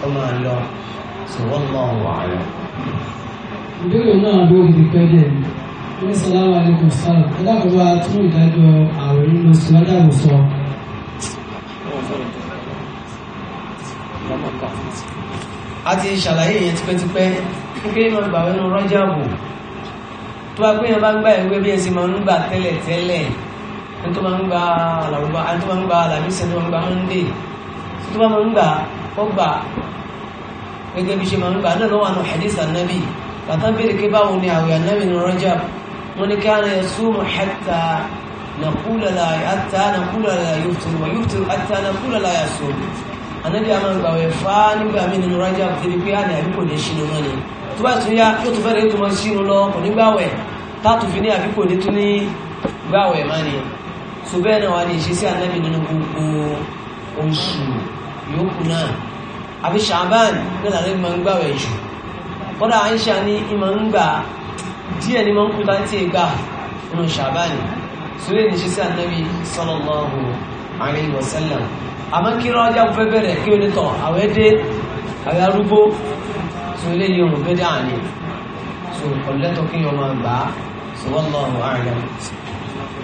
kó máa lọ sùwọ́n lọ wà lọ. ìbéèrè náà lórí ìpẹ́jẹ́ ní sàlámà alaikum sàlám alákòóbá tún ìdájọ́ ààrẹ nínú síwájú àwòsọ. a ti ṣàlàyé yẹn tipẹ́tipẹ́ nígbà yìí máa gbà wẹ́nu rọ́jà bò tó bá pé yẹn bá gbà ìwé bí ẹ sì máa ń gbà tẹ́lẹ̀tẹ́lẹ̀ ẹni tó máa ń gba àlàrúbá ẹni tó máa ń gba àlàmísì ẹni tó máa ń gba mọ́ndé tó bá máa ń gbà ó gbà gẹ́gẹ́ bí ṣe máa ń gbà náà lọ́wọ́ àwọn hadith annabi bàtà bèèrè kí báwo ni àwẹ̀ annabi ní rọ́jà wọn ni káàna yẹ súnmù hẹ́tà nàkúlàlà àtà nàkúlàlà yóòtún wà yóòtún àtà nàkúlàlà yà sùn annabi àwọn gbà wẹ̀ fà nígbà mí nínú rọ́jà tẹ̀lé pé àná àbí kò ní ṣínú mọ́ ni tó bá tún yá yóò tún fẹ́rẹ̀ yóò tún mọ́ ṣínú lọ kò ní gbàwẹ̀ táàtù fi ní àbí kò ní tún ní gbàwẹ̀ mọ́ ni tó bẹ́ẹ̀ náà wà ní ìṣesí ànábì nínú gbogbo oṣù yòókù náà àbí ṣàbán náà lànà ìmọ̀ ń gbà wẹ̀ jù kọ́dà àìṣà ní ìmọ̀ ń gbà díẹ̀ ní mọ̀ ń kú láti ìgbà nínú ṣàbán sórí ní ìṣesí ànábì sallallahu alaihi wasallam àmọ́ kí rọ́jà fẹ́ bẹ̀rẹ̀ kí o tọ̀ àwẹ́ dé àwẹ́ arúgbó sórí ní ọ̀rùn bẹ́ẹ̀ dáa ni so ọ̀lẹ́tọ̀ kí yọ máa gbà á sọ wallahu